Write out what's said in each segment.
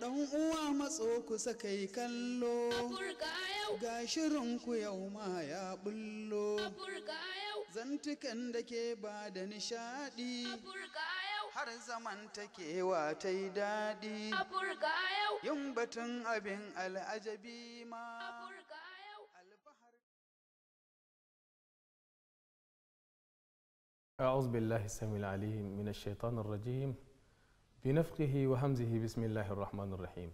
Ɗan uwa matso ku sakai kallo, ga shirinku yau ma ya bullo, zantukan da ke ba da nishaɗi, har zaman takewa ta yi daɗi, yin batun abin al'ajabi ma. أعوذ بالله السميع العليم من الشيطان الرجيم بنفقه وهمزه بسم الله الرحمن الرحيم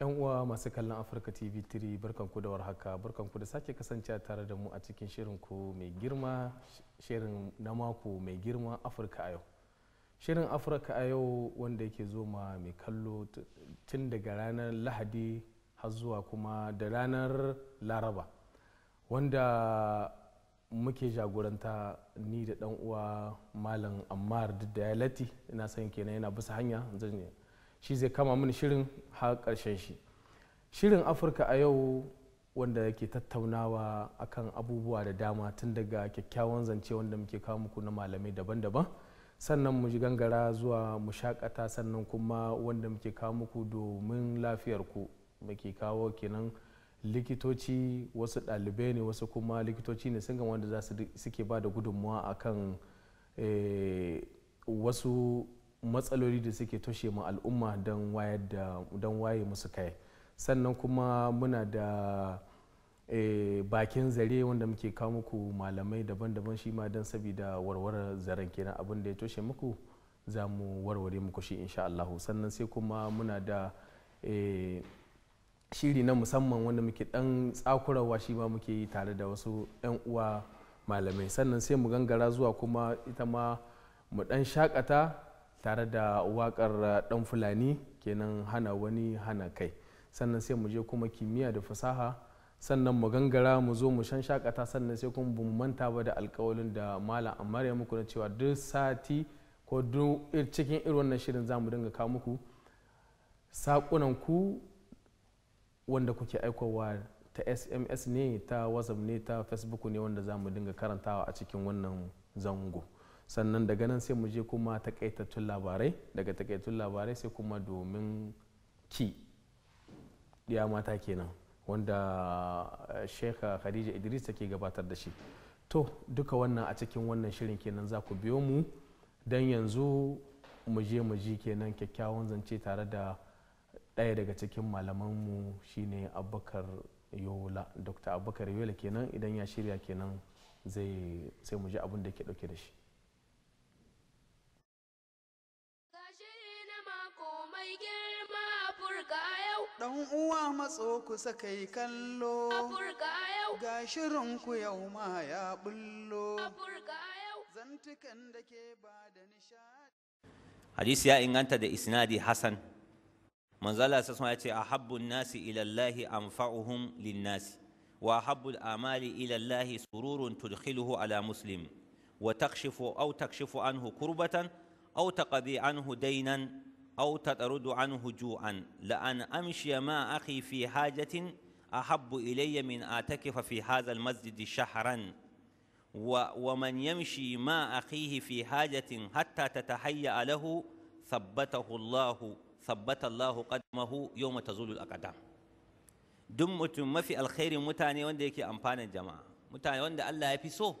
yan uwa masu kallon afirka tv 3 barkanku da warhaka barkanku da sake kasance tare da mu a cikin shirin ku mai girma shirin na mako mai girma afirka a yau shirin afirka a yau wanda yake zo ma mai kallo tun daga ranar lahadi har zuwa kuma da ranar laraba wanda muke jagoranta ni da dan uwa malam ammar duk da ya ina son kenan yana bisa hanya shi zai kama mini shirin har karshen shi shirin afirka a yau wanda yake tattaunawa akan abubuwa da dama tun daga kyakkyawan zance wanda muke kawo muku na malamai daban-daban sannan mu gangara zuwa mu shakata sannan kuma wanda muke kawo muku domin lafiyar ku muke kawo kenan likitoci wasu ɗalibai ne wasu kuma likitoci ne sun wanda za su suke ba da gudunmuwa kan eh, wasu matsaloli da suke toshe ma al'umma don waye musu kai sannan kuma muna da eh, bakin zare wanda muke kawo muku malamai daban-daban shi ma don sabida warware zaren kenan abin da ya toshe muku za mu warware muku shi insha Allah sannan sai kuma muna da eh, shiri na musamman wanda muke dan tsakurawa shi ma muke yi tare da wasu 'yan uwa malamai sannan sai mu gangara zuwa kuma ita ma mu dan shakata tare da wakar dan fulani kenan hana wani hana kai sannan sai mu je kuma kimiyya da fasaha sannan mu gangara mu zo mu shan shakata sannan sai kuma mu manta ba da alkawalin da malam amma ya muku na cewa duk sati ko duk cikin irin wannan shirin za mu dinga kawo muku sakunan ku wanda kuke aikowa ta sms ne ta whatsapp ne ta facebook ne wanda za mu dinga karantawa a cikin wannan zango sannan daga nan sai mu je kuma takaitattun labarai daga takaitattun labarai sai kuma domin ki ya mata kenan wanda eh, sheka khadija idris take gabatar da shi to duka wannan a cikin wannan shirin kenan za ku biyo mu don yanzu muje je kenan kyakkyawan zance tare da ɗaya daga cikin malamanmu shine abubakar yola dr abubakar yola kenan idan ya shirya kenan zai sai mu ji abin da ke ɗauke da shi Dan uwa matso kusa kai kallo, ga shirin yau ma ya bullo, zantukan da ke ba da nishadi. Hadisi ya inganta da isnadi Hassan منزل اساس ما يتي احب الناس الى الله انفعهم للناس واحب الاعمال الى الله سرور تدخله على مسلم وتكشف او تكشف عنه كربة او تقضي عنه دينا او تترد عنه جوعا لان امشي ما اخي في حاجة احب الي من اعتكف في هذا المسجد شهرا ومن يمشي ما اخيه في حاجة حتى تتحيا له ثبته الله thabbata Allahu qadamahu yawma tazulu al-aqdam duk mutum mafi alkhairin mutane wanda yake amfanar jama'a mutane wanda Allah ya fi so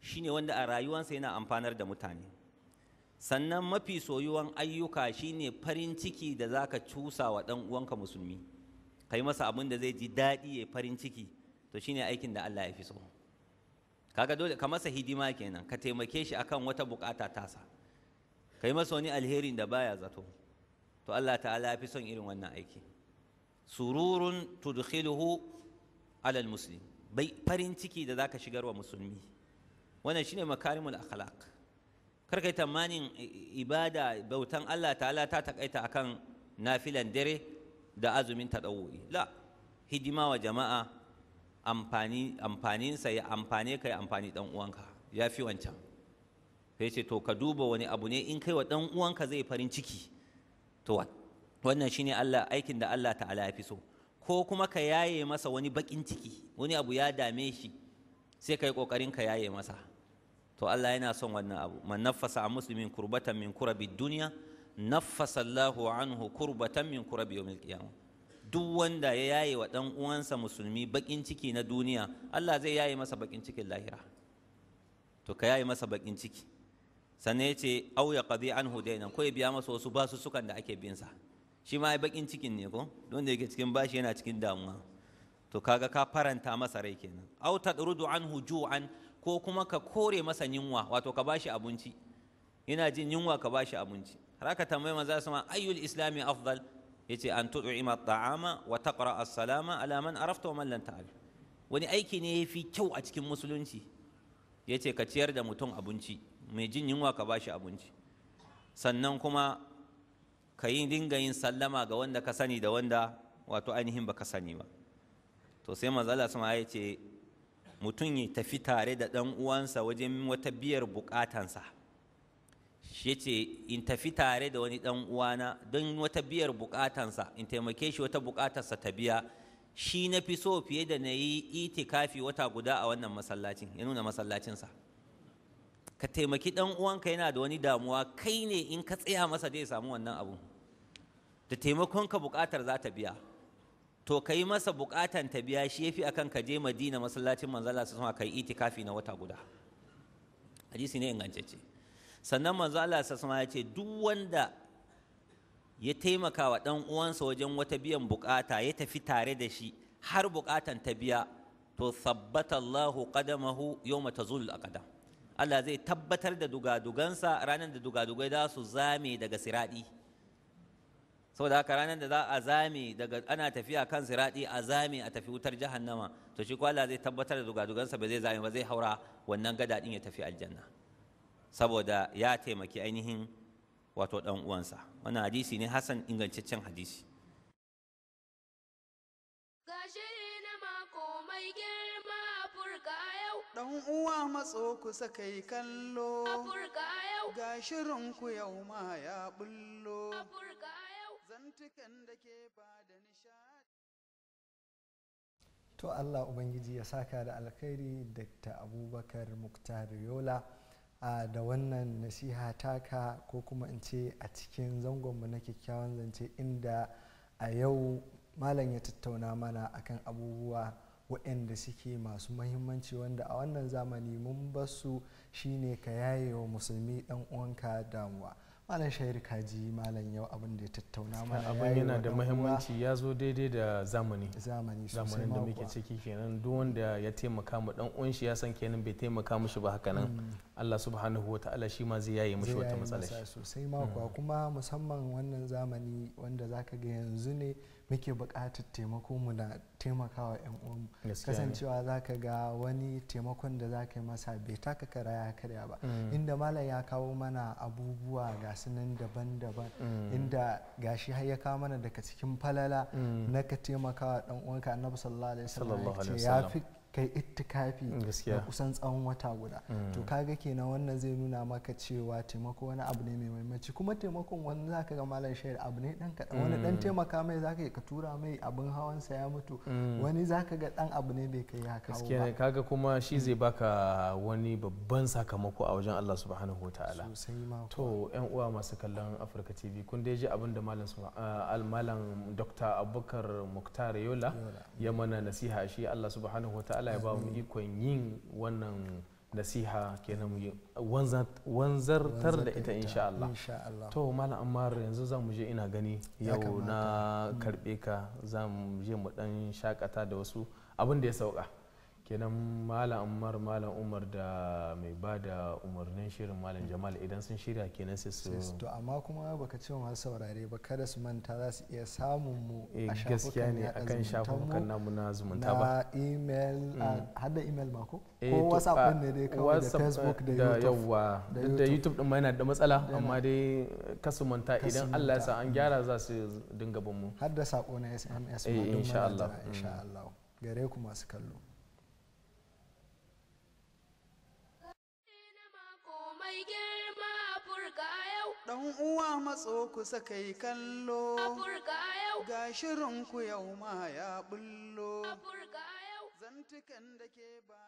shine wanda a rayuwansa yana amfanar da mutane sannan mafi soyuwan ayyuka shine farin ciki da zaka cusa wa dan uwanka musulmi kai masa abin da zai ji daɗi ya farin ciki to shine aikin da Allah ya fi so kaga dole ka masa hidima kenan ka taimake shi akan wata bukata tasa kai masa wani alherin da baya zato to Allah ta'ala fi son irin wannan aiki sururun tudkhiluhu alal muslim bai farin ciki da zaka shigar wa musulmi wannan shine makarimul akhlaq kar kai tamanin ibada bautan Allah ta'ala ta takaita akan nafilan dare da azumin tadawwi la hidima wa jama'a amfani amfaninsa ya amfane ka amfani dan uwanka ya fi wancan sai ce to ka duba wani abu ne in kai wa dan uwanka zai farin ciki to wannan shine Allah aikin da Allah ta'ala ya fi so ko kuma ka yaye masa wani bakin ciki wani abu ya dame shi sai kai kokarin ka yaye masa to Allah yana son wannan abu man naffasa a muslimin kurbatan min kurabi duniya naffasa Allahu anhu kurbatan min kurabi yawmil qiyamah duk wanda ya yaye wa dan uwansa musulmi bakin ciki na duniya Allah zai yaye masa bakin cikin lahira to ka yaye masa bakin ciki sannan ya ce auya ya qadi anhu dainan ko ya biya masa wasu basu sukan da ake bin sa shi ma ai bakin cikin ne ko don da yake cikin bashi yana cikin damuwa to kaga ka faranta masa rai kenan au tadrudu anhu ju'an ko kuma ka kore masa yunwa wato ka bashi abinci yana jin yunwa ka bashi abinci har aka tambaye maza su ma ayyul islami afdal yace an tud'ima at'ama wa taqra as-salama ala man arafta wa man lam ta'rif wani aiki ne yafi kyau a cikin musulunci yace ka ciyar da mutum abinci mai jin yunwa ka ba shi abinci sannan kuma ka yi dinga yin sallama ga wanda ka sani da wanda wato ainihin ba ka sani ba to sai manzala sama ya ce mutum ya tafi tare da ɗan uwansa wajen wata biyar bukatansa shi ce in tafi tare da wani ɗan uwana don wata biyar bukatansa in taimake shi wata bukatarsa ta biya shi na fi so fiye da na yi itikafi wata guda a wannan masallacin ya nuna masallacinsa ka taimaki ɗan uwanka yana da wani damuwa kai ne in ka tsaya masa zai samu wannan abu da taimakonka buƙatar za ta biya to ka yi masa buƙatan ta biya shi yafi akan ka je madina masallacin manzala su sama ka yi itikafi na wata guda hadisi ne ingantacce sannan manzala su sama ya ce duk wanda ya taimaka wa ɗan uwansa wajen wata biyan buƙata ya tafi tare da shi har buƙatan ta biya to sabbata Allahu qadamahu zulu a aqdam Allah zai tabbatar da dugadugansa ranar da dugadugai za su zame daga siradi saboda haka ranar da za a zame daga ana tafiya kan siradi a zame a tafi wutar jahannama to shi ko Allah zai tabbatar da dugadugansa ba zai zame ba zai haura wannan gada din ya tafi aljanna saboda ya taimaki ainihin wato ɗan uwansa wannan hadisi ne hasan ingantaccen hadisi Ɗan uwa matso kusa yi kallo, ga shirin ku yau ma ya bullo, zantukan da ke ba da nishadi. To Allah Ubangiji ya saka da alkhairi Dr. Abubakar Muktar Yola da wannan nasiha taka ko kuma in ce a cikin zangonmu na kyakkyawan zance inda a yau malam ya tattauna mana akan abubuwa. waɗanda suke masu mahimmanci wanda a wannan zamani mun basu ne ka yaye wa musulmi ɗan uwanka damuwa malam shahir kaji malam yau abin da ya tattauna mana abin yana da mahimmanci ya zo daidai da zamani zamani zamanin da muke ciki kenan duk wanda ya taimaka mu dan uwan shi ya san kenan bai taimaka mushi ba haka nan hmm. Allah subhanahu wataala shi ma zai yaye mushi wata matsala sosai ma hmm. kuma musamman wannan zamani wanda zaka ga yanzu ne muke buƙatar taimako mu na taimakawa 'yan uwan kasancewa za ka ga wani taimakon da za ka yi masa bai taka kara ya karya ba mm. inda malam ya kawo mana abubuwa ga nan daban-daban mm. inda gashi har ya kawo mana daga cikin falala mm. na ka taimakawa dan uwanka annabi sallallahu alaihi wasallam ya fi kai ittikafi da kusan tsawon wata guda mm. to kaga kenan wannan zai nuna maka cewa taimako wani abu ne mai muhimmanci kuma taimakon wani zaka ga malam shayar abu ne dan kaɗan wani dan mm. taimaka mai zaka ka tura mai abin hawan sa ya mutu mm. wani zaka ga dan abu ne bai kai ya kawo ba kaga kuma shi zai baka wani babban sakamako a wajen Allah subhanahu wataala to yan uwa masu kallon Africa TV kun dai ji abin da malam malam Dr. Abubakar Muktar Yola ya mana nasiha shi Allah subhanahu wataala Allah ya ba mu ikon yin wannan nasiha kenan wanzartar da ita insha Allah to malam ammar yanzu za mu je ina gani yau na mm. karbe ka za mu je mu dan shakata da wasu abin da ya sauka kenan malam umar malam umar da mai ba da umarnin shirin malam jamal idan sun shirya kenan sai su to amma kuma baka ce wa saurare ba kada su manta za su iya samun mu a eh, gaskiya ne akan shafukan namu na zumunta ba na email mm. ah, har da email ma ko eh, ko whatsapp ah, ne dai kawai da facebook da youtube eh, da da youtube din ma yana da matsala amma dai kasu manta idan Allah ya sa an mm. gyara za su dinga bin mu har da sako na sms ma insha Allah insha mm. Allah gare ku masu kallo Afirka yau. Ɗan uwa matso kusa kai kallo. Afirka yau. Ga shirin ku yau ma ya bullo. Afirka yau. Zantukan da ke ba.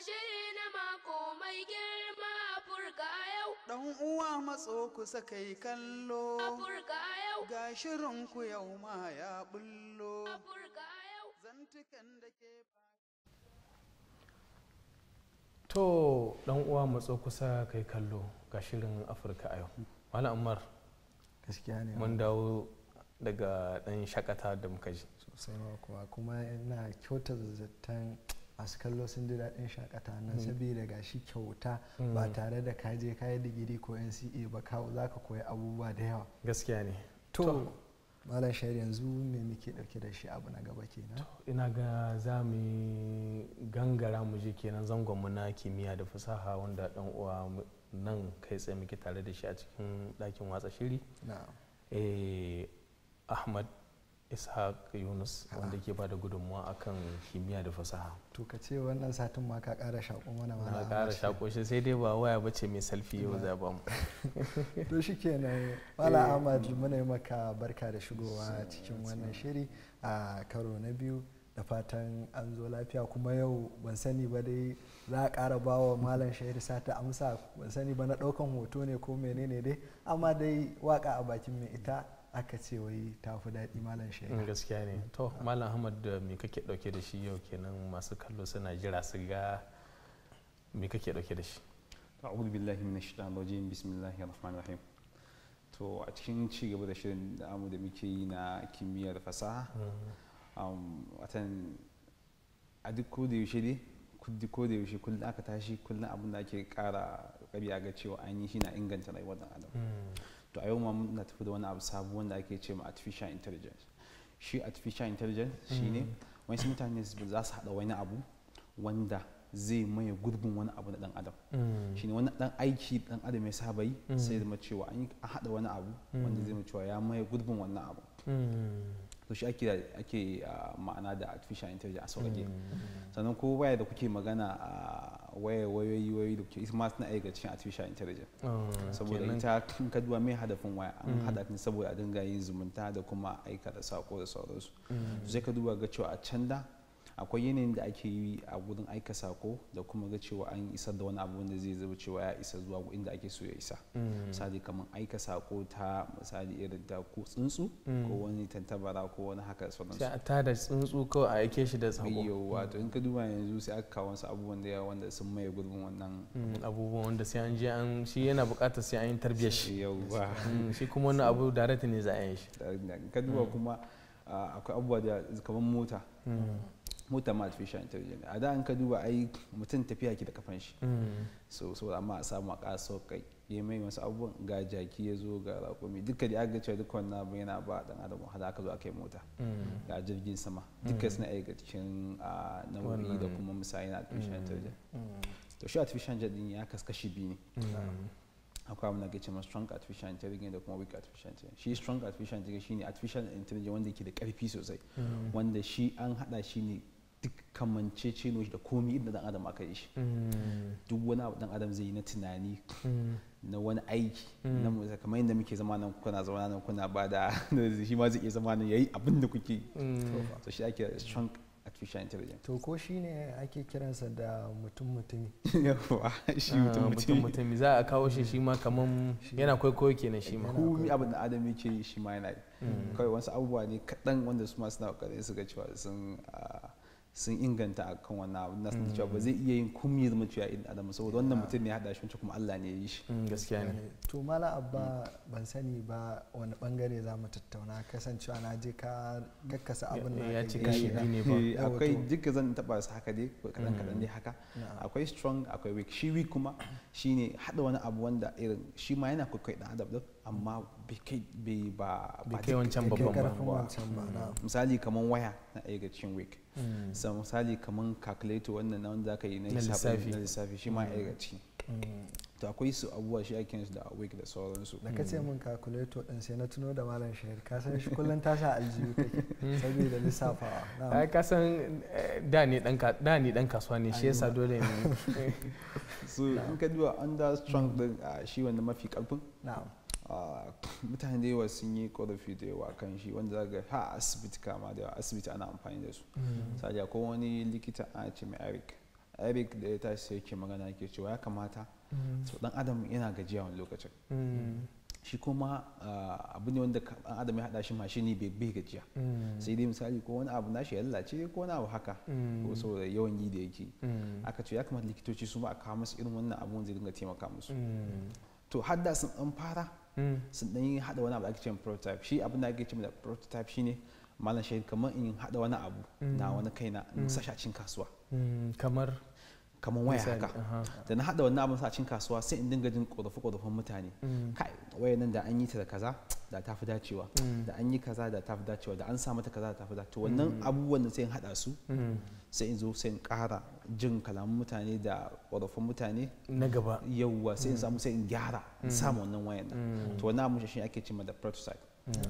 ashe na mako mai girma Afirka yau. Dan uwa matso kusa kai kallo. Afirka yau. Ga shirin ku yau ma ya bullo. Afirka yau. Zantukan da ke To dan uwa matso kusa kai kallo ga shirin Afirka a yau. wani Ammar. Mun dawo daga dan shakata da muka ji. Sosai kuma kuma ina kyautar zaton masu kallo sun ji daɗin shakata nan hmm. saboda ga shi kyauta hmm. ba tare da ka je kayi digiri ko nca ba kawo za ka koyi abubuwa da yawa gaskiya ne to malam shahar yanzu me muke ɗauke da shi abu na gaba kenan ina ga za mu gangara mu je kenan zangon mu na kimiyya da fasaha wanda dan uwa nan kai tsaye muke tare da shi a cikin ɗakin watsa shiri eh, ahmad ishaq yunus wanda ke bada gudunmuwa akan kimiyya da fasaha to ka ce wannan satin ma ka kara shako mana ma na kara shako shi sai dai ba waya bace mai salfi yau za ba mu to shikenan wala eh. ahmad muna yi maka barka da shigowa cikin wannan shiri a karo na biyu da fatan an zo lafiya kuma yau ban sani ba dai za a kara ba wa malam shahir sata amsa ban sani ba na daukan hoto ne ko menene dai amma dai waka a bakin mai ita aka ce wai ta fi daɗi malam shaidu mm, gaskiya ne to malam ahmad me kake ɗauke da shi yau kenan masu kallo suna jira su ga me kake ɗauke da shi a'udhu billahi minash shaitanir rajim bismillahir rahmanir rahim to a cikin ci gaba da shirin da amu da muke yi na kimiyyar fasaha mm. um, watan a duk ko da yaushe dai kuddi ko da yaushe kullum aka tashi kullum abin da ake kara kabi ga cewa an yi shi na inganta rayuwar dan adam mm. to a yau ma muna tafi da wani abu sabu wanda ake ce ma artificial intelligence shi artificial intelligence shi ne mm. wani mutane za su haɗa wani abu wanda zai maye gurbin wani abu na dan adam mm. shine wani dan aiki dan adam ya saba yi mm. sai zama cewa an haɗa wani abu wanda zai cewa ya maye gurbin wannan abu to shi ake ake ah, ma'ana da artificial intelligence a sauƙaƙe sannan ko waya da kuke magana a ah, waya wayoyi wayoyi da kuke ma suna aika cikin artificial intelligence ah, saboda ita kan kaduwa mai hadafin waya an mm. hada ta saboda a dinga yin zumunta da kuma aika da sako da sauransu mm. sai ka duba ga cewa a can da akwai yanayin da ake yi a gudun aika sako da kuma ga cewa an isar da wani abu wanda zai zaba cewa ya isa zuwa inda ake so ya isa mm. misali kamar aika sako ta misali irin ta ko tsuntsu mm. ko wani tantabara ko wani haka sauransu sai ta da tsuntsu ko a aike shi da sako yau wato in ka mm. duba yanzu sai aka kawo wasu abubuwan da yawa wanda sun maye gurbin wannan abubuwan wanda sai an je an shi yana bukatar sai an yi tarbiyyar shi yauwa shi kuma wani abu direct ne za a yi shi ka duba kuma akwai abubuwa da kamar mota mota ma artificial intelligence a da an ka duba ai mutum tafiya ki da kafan shi mm. so so amma a samu a kaso kai ya mai wasu abubuwan ga jaki ya zo ga raƙumi duka da aka gace duk wannan abu yana ba dan adam wahala aka zo aka yi mota mm. ga jirgin sama mm. duka suna aika cikin nau'i da kuma misali na artificial intelligence to shi artificial intelligence ya kaskashi biyu ne akwai abu na gace cewa strong artificial intelligence da kuma weak artificial intelligence shi strong artificial intelligence shine artificial intelligence wanda ke da karfi sosai wanda shi an hada shi ne duk kamance ce da komi inda dan adam aka yi shi mm. duk wani abu dan adam zai yi na tunani mm. na wani aiki na mm. kamar yadda muke zama nan kuna zama nan kuna ba da shi ma zai iya zama nan yayi abin da kuke to shi ake strong artificial intelligence to ko shi ne ake kiransa da mutum mutumi yawa shi ah, mutum mutumi za a kawo shi shi ma kamar yana kwaikwayo kenan shi ma komi abin da adam yake yi shi ma yana yi kawai wasu abubuwa ne kaɗan wanda su ma suna ƙoƙarin su ga cewa sun ah, sun inganta a kan wannan abu na cewa ba mm. zai iya yin kumi zama cewa in adam saboda wannan mutum ne ya haɗa shi wancan kuma Allah ne ya yi shi mm, gaskiya ne to mala abba mm. ban sani ba wani bangare za mu tattauna kasancewa na je ka kakkasa abin da ya ci kashi eh, ne ba akwai jika zan taba su haka dai kadan kadan ne haka akwai strong akwai weak shi weak kuma shine haɗa wani abu wanda irin shi ma yana kwaikwai dan adam din amma bai kai ba ba kai wancan babban ba misali kamar waya na ɗaya ga cikin weak sa misali kamar calculator wannan nan za ka yi na lissafi shi ma a ciki mm. to akwai su abubuwa shi ake su da awake da sauransu da ka ce mm. min calculator din sai na tuno da malam shahir ka san shi kullum ta sa aljihu kake saboda lissafawa ai ka san eh, da ne dan kasuwa ne shi yasa dole ne su in ka duba under strong din ah, shi wanda mafi karfin na'am mutane da yawa sun yi korafi da yawa kan shi wanda za ga ha asibiti kama da yawa asibiti ana amfani da su mm. sadiya ko wani likita a ce mai eric eric da ya tashi sai yake magana yake cewa ya kamata mm. so dan adam yana gajiya wani lokacin mm. shi kuma abu ne wanda dan adam ya hada shi mashini bai gajiya sai dai misali ko wani abu nashi ya lalace ko wani abu haka ko saboda yawan yi da yake aka ce ya kamata likitoci su ma a kawo masu irin wannan abu wanda zai dinga taimaka musu to hadda sun an fara sun dan yi hada wani abu da ake cewa prototype shi abin da ake cewa prototype shine malam shahid kamar in haɗa wani abu mm. na wani kaina in sashi a cikin kasuwa mm, kamar kamar waya haka da na hada wannan abin sa cin kasuwa sai in dinga jin kodafi kodafin mutane mm. kai waya nan da an yi ta da kaza da ta fi dacewa mm. da an yi kaza da ta fi dacewa da an sa mata kaza da ta fi dacewa To wannan mm. abubuwan sai in hada su sai in zo sai in kara jin kalaman mutane da kodafin mutane na gaba yawwa sai in samu sai in gyara in samu wannan wayan nan to wannan abin shi ake cewa da prototype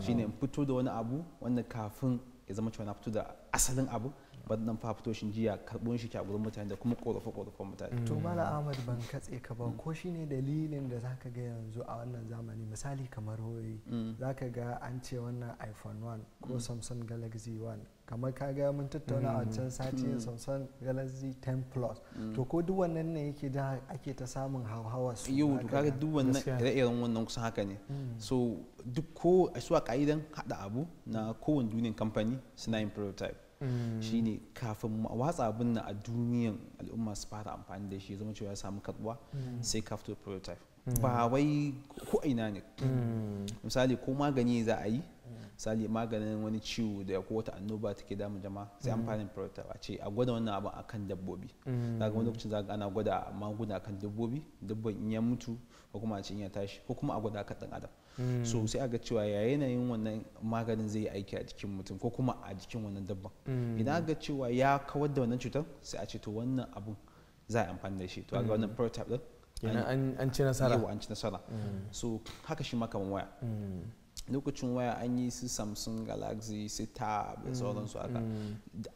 shine in fito da wani abu wanda kafin ya zama cewa na fito da asalin abu waɗannan shi jiya karɓon shi a gurin mutane da kuma korafa korafa mutane. to mala ahmad ban katse ka ba ko shine dalilin da zaka ga yanzu a wannan zamani misali kamar hoyi mm. zaka ga an ce wannan iphone 1 ko mm. samsung galaxy 1 kamar ka ga mun tattauna a mm. can sati samsung galaxy 10 plus to ko duk wannan ne yake da ake ta samun hauhawa su yau to duk wannan ire-iren wannan kusan haka ne so duk ko a su a ka'idan hada abu na kowane duniyan kamfani suna yin prototype Mm. shine kafin watsa abin nan a duniyan al'umma su fara amfani da shi zama cewa ya samu karbuwa mm. sai ka fito prototype mm. ba wai ko ina ne misali ko magani za a yi misali maganin wani ciwo da ko wata annoba take damu jama sai an prototype a ce a gwada wannan abin akan dabbobi daga wani lokacin zaka ana gwada maguna kan dabbobi dabban in ya mutu ko kuma a ce in ya tashi ko kuma a gwada akan dan adam so mm. sai aga cewa ya yanayin wannan maganin zai yi aiki a jikin mutum ko kuma a jikin wannan dabban mm. idan aga cewa ya kawar da wannan cutar sai a ce to wannan abun za a amfani da shi to aga wannan mm. prototype din kenan an ci nasara yau an ci nasara so haka shi maka waya lokacin waya an yi su samsung galaxy su tab da sauransu aka.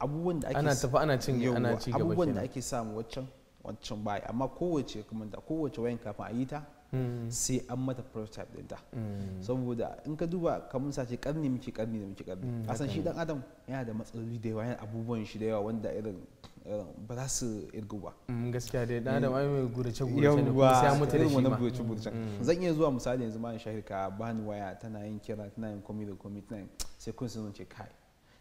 abubuwan da ake ana tafi ana cin ana ci gaba abubuwan da ake samu waccan wancan baya amma kowace kuma da kowace wayan kafin a yi ta Hmm. sai an mata prototype dinta hmm. saboda in ka duba kamar sace karni muke karni da muke karni hmm, a san shi dan adam yana da matsaloli da yawa yana abubuwan shi da yawa wanda irin ba za su irgu ba gaskiya dai dan adam ai mai gurace gurace ne kuma sai shi ma gurace gurace zan iya zuwa misali yanzu ma in shahir ka bani waya tana yin kira tana yin komi da komi tana sai kun sun ce kai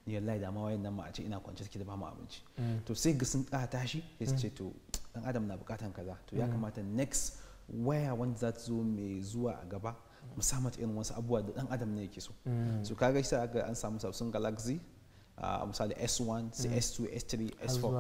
ni wallahi da ma wayan nan ma a ce ina kwance take da ba mu abinci to sai ga sun tashi shi sai su ce to dan adam na bukatan kaza to ya kamata next waya wanda za ta zo mai zuwa a gaba mu irin wasu abubuwa da dan adam ne yake so mm. so kaga shi an samu samsung galaxy a misali s1 sai s2 s3 s4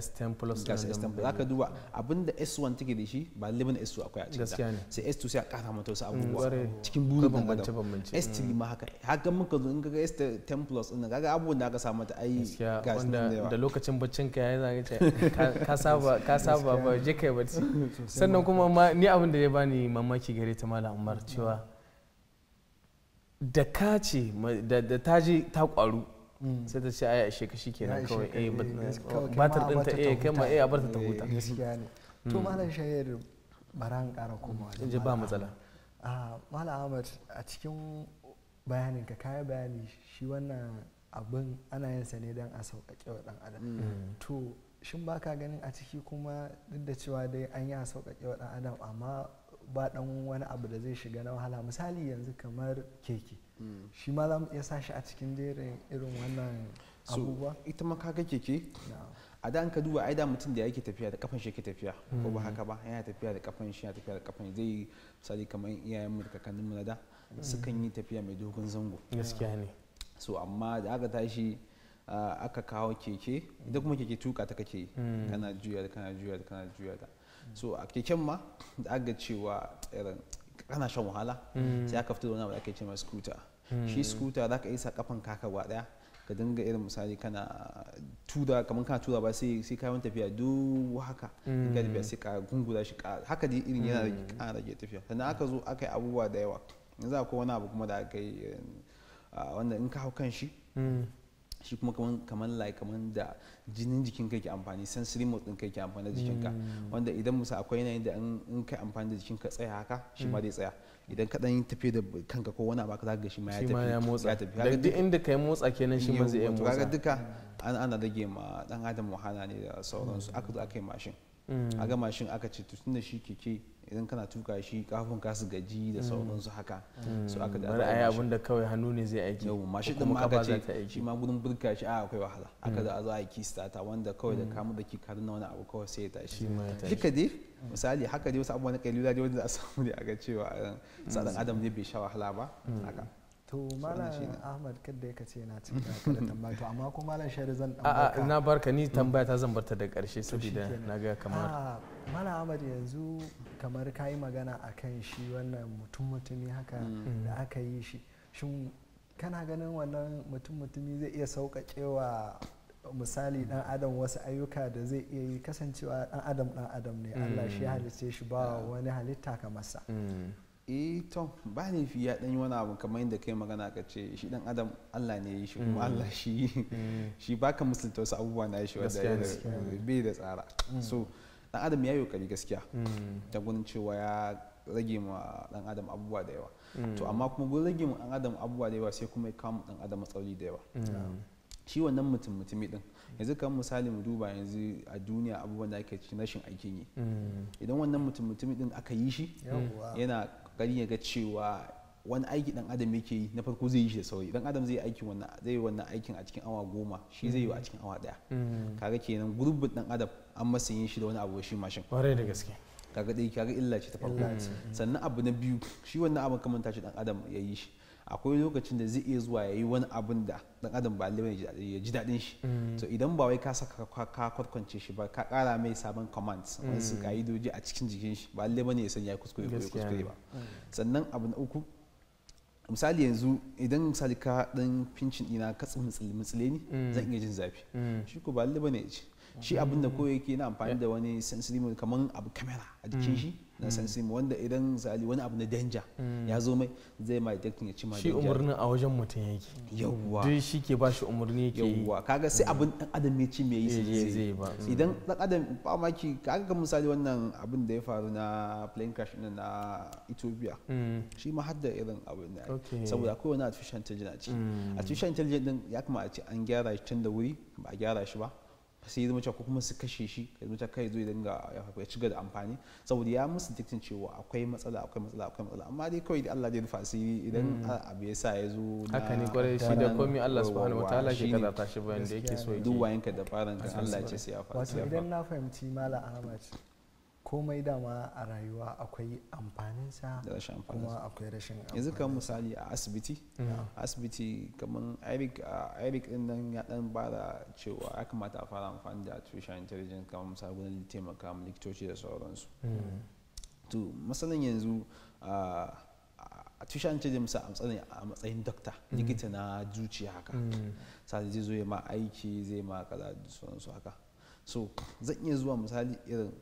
s10 plus ga s10 plus zaka duba abinda s1 take da shi ba liban s2 akwai a cikin ta sai s2 sai a kara mata wasu abubuwa cikin buru da bambance bambance s3 ma haka haka muka zo in kaga s10 plus din kaga abubuwan da aka sa mata ai ga shi da lokacin baccin ka yayi zaka ka saba ka saba ba je kai bacci sannan kuma ni abin da ya bani mamaki gare ta malam Umar cewa hmm. da ka ce da ta je ta kwaru Mm. sai ta ce a yashe ka shi kenan kawai eh batar eh, din ta eh kai ma eh a barta ta huta eh, ne to mm. malam shayar baran ƙara komawa in ji ba matsala ah, malam ahmad a cikin bayanin ka kayan bayani shi wannan abin ana yin sa ne don a sauƙaƙe wa ɗan adam mm. to shin ba ka ganin a ciki kuma duk da cewa dai an yi a sauƙaƙe wa ɗan adam amma ba ɗan wani abu da zai shiga na wahala misali yanzu kamar keke shi ma ya iya sa shi a cikin jerin irin wannan abubuwa ita ma kaga keke a da an ka duba ai da mutum da yake tafiya da kafan shi yake tafiya ko ba haka ba yana tafiya da kafan shi yana tafiya da kafan zai yi kamar iyayen mu da kakannin mu da sukan yi tafiya mai dogon zango gaskiya ne so amma da aka tashi aka kawo keke ita kuma keke tuka ta kake mm. kana juya da kana juya da kana juya da so a keken ma da aka cewa irin kana shan wahala mm. sai aka fito da wani abu da ake cewa scooter shi hmm. scooter za ka isa kafan kaka gwa daya ka dinga irin misali kana tura kamar kana tura ba sai sai wani tafiya duk haka in ka tafiya sai ka gungura shi haka dai irin yana da hmm. kana rage tafiya sannan aka zo aka yi abubuwa da yawa yanzu akwai wani abu kuma da aka yi eh, wanda in ka hau kan shi hmm. shi kuma kamar like kamar da jinin jikin kai ke amfani sensory mode din kai ke amfani da jikinka wanda idan musa akwai yanayin da in kai amfani da jikinka tsaya haka shi ma dai tsaya idan ka dan tafi da kanka ko wani abu ka ga shi ma ya tafi ya motsa daga duk inda kai motsa kenan shi ma zai motsa kaga duka an ana rage ma dan adam wahala ne da sauransu aka zo aka yi mashin mm. a ga mashin aka ce tunda shi keke idan kana tuka shi kafin ka su gaji da mm. sauransu haka so aka mm. da bari ayi abinda da kawai hannu ne zai aiki yau mashin din ma aka ce shi ma gudun burka shi a akwai wahala aka da zo a yi ta wanda kawai da kamu da ki karu na wani abu kawai sai ya tashi duka dai misali haka dai wasu abubuwa na kalila dai wanda a samu ne a ga cewa eh, mm. Sadan adam ne bai sha wahala ba mm. haka to malam ahmad kadda ya kace yana cikin kada tambaya to amma ko malam shari zan dan barka na barka ni mm. tambaya ta zan barta da karshe saboda naga kamar malam ahmad yanzu kamar kai magana akan shi wannan mutum mutumi haka da aka yi shi shin kana ganin wannan mutum mutumi zai iya sauƙaƙewa misali dan adam wasu ayyuka da zai iya yi kasancewa dan adam dan adam ne allah shi mm. halitta shi ba wani halitta kamar sa mm. eh to ba ne fi ya dan yi wani abu kamar yadda kai magana ka ce shi dan adam allah ne ya yi shi kuma mm. allah shi shi baka musulta wasu abubuwa na shi wanda bai da tsara so dan adam ya yi kokari gaskiya ta gurin cewa ya rage ma dan adam abubuwa da yawa to amma kuma gurin rage ma dan adam abubuwa da yawa sai kuma ya kama dan adam matsaloli da yawa shi wannan mutum mutumi din yanzu kan misali mu duba yanzu a duniya abubuwan da ake cikin rashin aikin yi mm. idan wannan mutum mutumi din aka yi shi yana kokari ya ga cewa wani aiki dan adam yake yi na farko zai yi shi da sauri dan adam zai yi aikin wannan zai yi wannan aikin a cikin awa goma shi zai yi a cikin awa daya mm. kaga kenan gurbin dan adam an masa yin shi da wani abu shi mashin kwarai da gaske kaga dai kaga illa ce ta farko sannan abu na biyu shi wannan abu kamanta shi dan adam ya yi shi akwai lokacin da zai iya zuwa ya yi wani abun da dan adam ba lewa ya ji daɗin shi to mm. idan ba wai ka saka ka kwarkwance shi ba ka kara mai sabon commands mm. wani su ka'idoji a cikin jikin shi ba lewa ne ya sanya kuskure kuskure ba mm. sannan abu na uku misali yanzu idan misali ka dan fincin dina ka tsimtsile ni zan iya jin zafi shi ko ba lewa ne ya ci shi abin da ko yake na amfani da wani sensory kamar abu kamera a jikin shi na san mm. sim wanda idan zali wani abu na danger mm. ya zo mai zai mai detecting ya ci ma shi umurni a wajen mutum yake yawwa duk shi ke ba shi umarni yake yawwa kaga sai mm. abin dan adam ya ci me yi zai ba idan dan adam ba ki kaga kan misali wannan abin da ya faru na plane crash din na Ethiopia shi ma da irin abin ne saboda akwai wani artificial intelligence a ci artificial intelligence din ya kamata a ce an gyara shi tun da wuri ba a gyara shi ba sai zama cewa ko kuma su kashe shi ya zama kai zai dinga ya ci da amfani saboda ya musu diktin cewa akwai matsala akwai matsala akwai matsala amma dai kawai da Allah zai rufa asiri idan mm. abu ya sa ya zo haka ne kwarai shi da komai Allah subhanahu wataala ke kaza ta shi bayan da yake so duk wayanka da ka Allah ce sai ya faru idan na fahimci mala Ahmad komai dama a rayuwa akwai amfaninsa kuma akwai rashin amfani yanzu kan misali a asibiti mm. asibiti kamar eric eric din nan ya dan da cewa ya kamata a fara amfani da artificial intelligence kamar misali gudun taimaka ma likitoci da sauransu mm. to masanin yanzu a tushen ce musa a matsayin dokta mm. likita na zuciya haka sai zai zo ya ma aiki zai ma kaza da sauransu haka so zan iya zuwa misali irin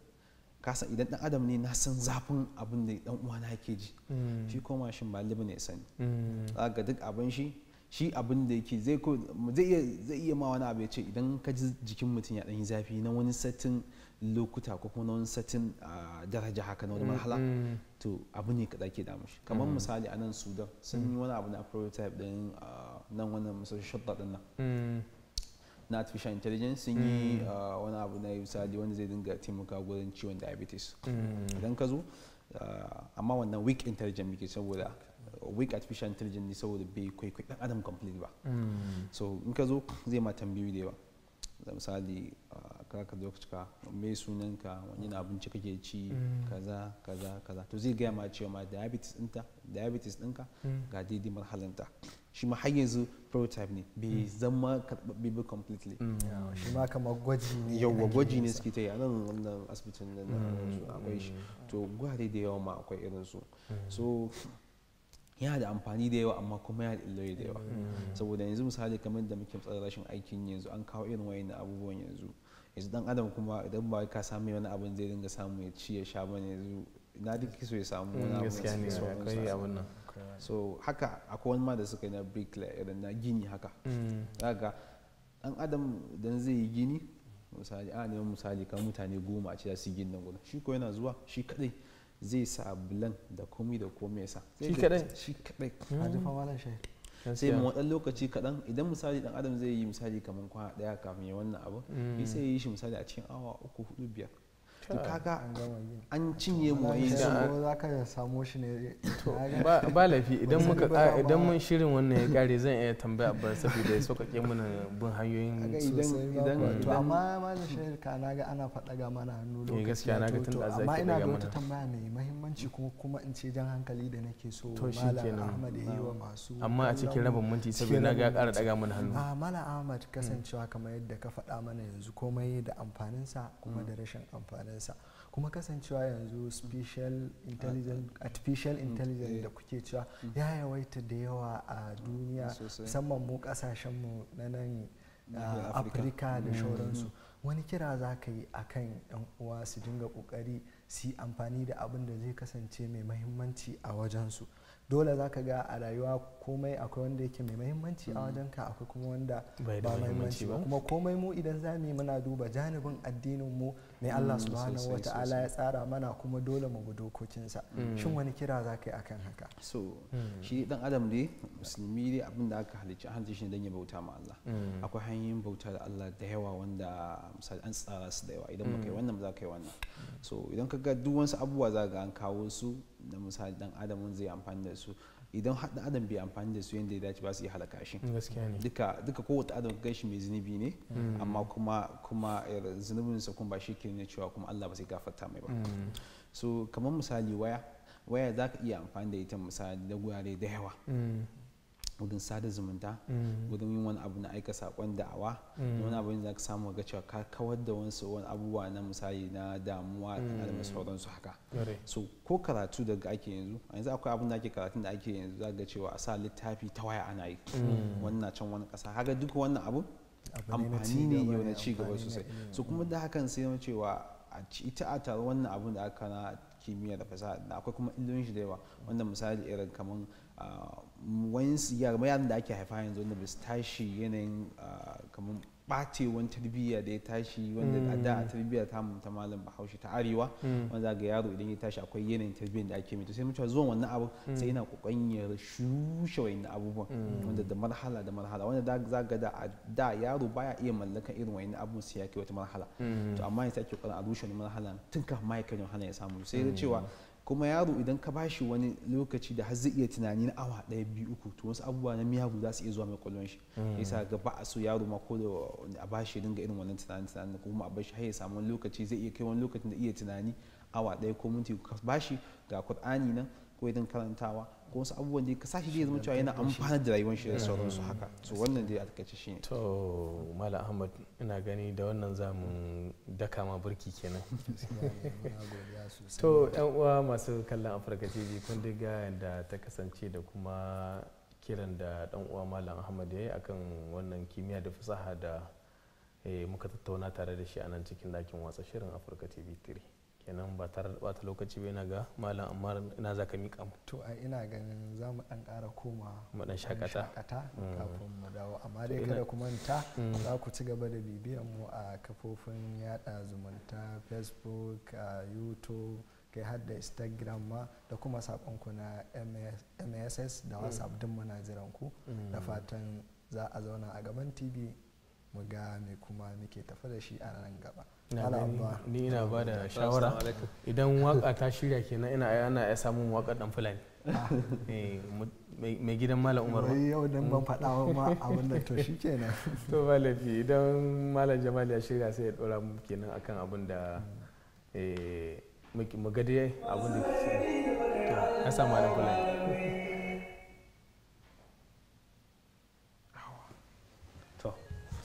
kasan idan dan adam ne na san zafin abin da dan uwana yake ji mm. shi ko mashin ba libi ne sani mm. ga duk abin shi shi abin da yake zai ko zai iya zai iya ma wani abu ya ce idan ka ji jikin mutum ya dan yi zafi na wani satin lokuta ko kuma na wani satin daraja haka na wani mm, marhala to abu ne kaɗa ke damu shi kamar misali a nan sudan sun yi wani abu na prototype din nan wannan misali shadda nan na artificial intelligence sun yi mm. ah, wani abu na misali wanda zai dinga taimaka gurin ciwon diabetes mm. idan ka zo ah, amma wannan weak intelligence muke saboda ah, weak artificial intelligence ne saboda bai kwaikwai dan adam complete ba mm. so in ka zo zai ma tambayi da yawa da misali ka ka zo ka me sunanka wani na abinci kake ci kaza kaza kaza to zai gaya ma cewa ma diabetes dinka diabetes ɗinka ga daidai marhalanta shi ma har yanzu prototype ne bai hmm. zama karɓaɓɓe ba completely hmm. shi ma kama gwaji ne yawwa gwaji ne suke ta yi a wannan asibitin nan hmm. akwai shi to gwari da yawa ma akwai irin su so yana da amfani da yawa amma kuma yana da illoli da yawa saboda yanzu misali kamar da muke tsara rashin aikin yanzu an kawo irin wayan abubuwan yanzu yanzu dan adam kuma idan ba ka samu wani abin zai dinga samu ya ci ya sha bane yanzu na duk kiso ya samu wani abin so haka akwai wani ma da suka yi na bricklayer irin na gini haka daga mm. dan adam dan zai yi gini misali a neman misali kan mutane goma a ce su gini nan gudun shi ko yana zuwa shi kadai zai sa bulan da komi da komai sa shi kadai shi kadai mm. a dafa wala shi sai mu wadan lokaci kadan idan misali dan adam zai yi misali kamar kwana daya kafin ya wannan abu mm. sai ya yi shi misali a cikin awa uku hudu biyar to kaga an cinye moye su za ka samu shi ne ba lafi idan muka idan mun shirin wannan ya kare zan iya tambaya ba saboda ya sauƙaƙe mana bin hanyoyin idan to amma malam shahid ka na ga ana faɗa ga mana hannu eh, lokaci gaskiya na ga tun da zaki amma ina da wata tambaya mai muhimmanci kuma kuma in ce jan hankali da nake so malam Ahmad ya yi wa masu amma a cikin rabin minti saboda na ga ya ƙara daga mana hannu malam Ahmad hmm. kasancewa kamar yadda ka faɗa mana yanzu komai da amfaninsa kuma hmm. da rashin amfanin sa kuma kasancewa yanzu special ah, ah. Mm, intelligence artificial eh. intelligence da kuke cewa mm. ya yawaita da yawa a duniya musamman mu kasashen mu na nan ah, afirka da mm, shauransu wani kira za ka yi a kan yan uwa su dinga kokari su yi amfani da abin da zai kasance mai mahimmanci a wajensu dole za ka ga a rayuwa komai akwai wanda yake mai mahimmanci a wajen ka akwai kuma wanda ba mahimmanci ba kuma komai mu idan za mu yi muna duba janibin addinin mu ne Allah mm, subhanahu wata'ala ya tsara mana kuma dole mu bi dokokinsa mm. shin wani kira za ka yi akan haka so mm. shi dan adam ne musulmi ne abin da aka halicci an shi dan ya bauta ma Allah akwai hanyoyin bauta da Allah da yawa wanda misali an tsara su da yawa idan muka yi wannan ba za ka yi wannan so idan ka ga duk wasu abubuwa za ga an kawo su da misali dan adam zai amfani da su idan haɗa adam bai amfani da su yadda ya dace ba su iya halaka shi duka duka kowace adam gan shi mai zunubi ne mm. amma kuma kuma eh, zunubinsa kuma ba shi ke ne cewa kuma Allah ba sai gafarta mai ba mm. so kamar misali waya waya za ka iya amfani da ita misali da gurare da yawa mm. gudun sada zumunta mm. gudun yin wani abu na aika sakon da'awa mm. wani abu ne za ka samu ga cewa ka kawar da wasu wani abubuwa na misali na damuwa da mm. sauransu haka so ko karatu daga ake yanzu a yanzu akwai abin da ake karatun da ake yanzu za ga cewa a sa littafi ta waya ana yi wannan can wani kasa haka duk wannan abu amfani ne yau na ci gaba sosai so kuma da hakan sai na cewa ita a taron wannan abun da aka na kimiyya da fasaha akwai kuma illolin shi da yawa wanda misali irin kamar ah, wayansu yara gama da ake haifa yanzu wanda ba tashi yanayin ah, kamar batewan tarbiyya da ya tashi wanda a da a mm. tarbiyya ta ta malam bahaushe ta arewa mm. wanda ga yaro idan ya tashi akwai yanayin tarbiyyar da ake mai sai mutuwa zuwan wannan abu mm. sai yana kokon ya shushe wayannan abubuwan wanda da marhala da marhala wanda za ga da da yaro baya iya mallakan irin wayannan abubuwan sai ya kai wata marhala to amma ya sake kokarin a rushe wani marhala tun kafin ma ya kai marhala ya samu sai da cewa kuma yaro idan ka bashi wani lokaci da har zai iya tunani na awa daya biyu uku to wasu abubuwa na miyagu za su iya zuwa mai kwallon mm. shi yasa ga ba a so yaro ma ko da a bashi dinga irin wannan tunani tunani kuma a bashi har ya samu wani lokaci zai iya kai wani lokacin da iya tunani awa daya ko minti ka bashi ga kur'ani nan ko idan karantawa ko wasu abubuwan da ka zama cewa yana amfana da rayuwar shi da eh. sauransu haka so wannan dai a takaice shi ne to malam ahmad ina gani da wannan zamu daka ma burki kenan to yan uwa masu kallon afirka tv kun diga yadda ta kasance da kuma kiran da dan uwa malam ahmad ya yi akan wannan kimiyya da fasaha da eh, muka tattauna tare da shi a nan cikin ɗakin watsa shirin afirka tv 3 kenan ba tare da bata lokaci bai na ga malam amma ina za ka mu to a ina ganin za mu dan ƙara koma mu dan shakata mm. kafin mu dawo amma dai kada ku manta mm. za ku ci gaba da bibiyan mu a kafofin yada zumunta facebook youtube kai har da instagram ma da kuma saƙonku na mss da mm. whatsapp din muna jiran ku da fatan za a zauna a gaban tv mu ga me kuma muke tafi da shi a nan gaba ni na ba da shawara idan waka ta shirya kenan ina ana ya samu waka dan fulani ah. eh, mai gidan malam umar ba yau dan ban faɗa wa ma abin da to shi kenan to ba lafi idan malam jamal ya shirya sai ya dora mu kenan akan abin da eh, mu gadi abin da ya samu malam fulani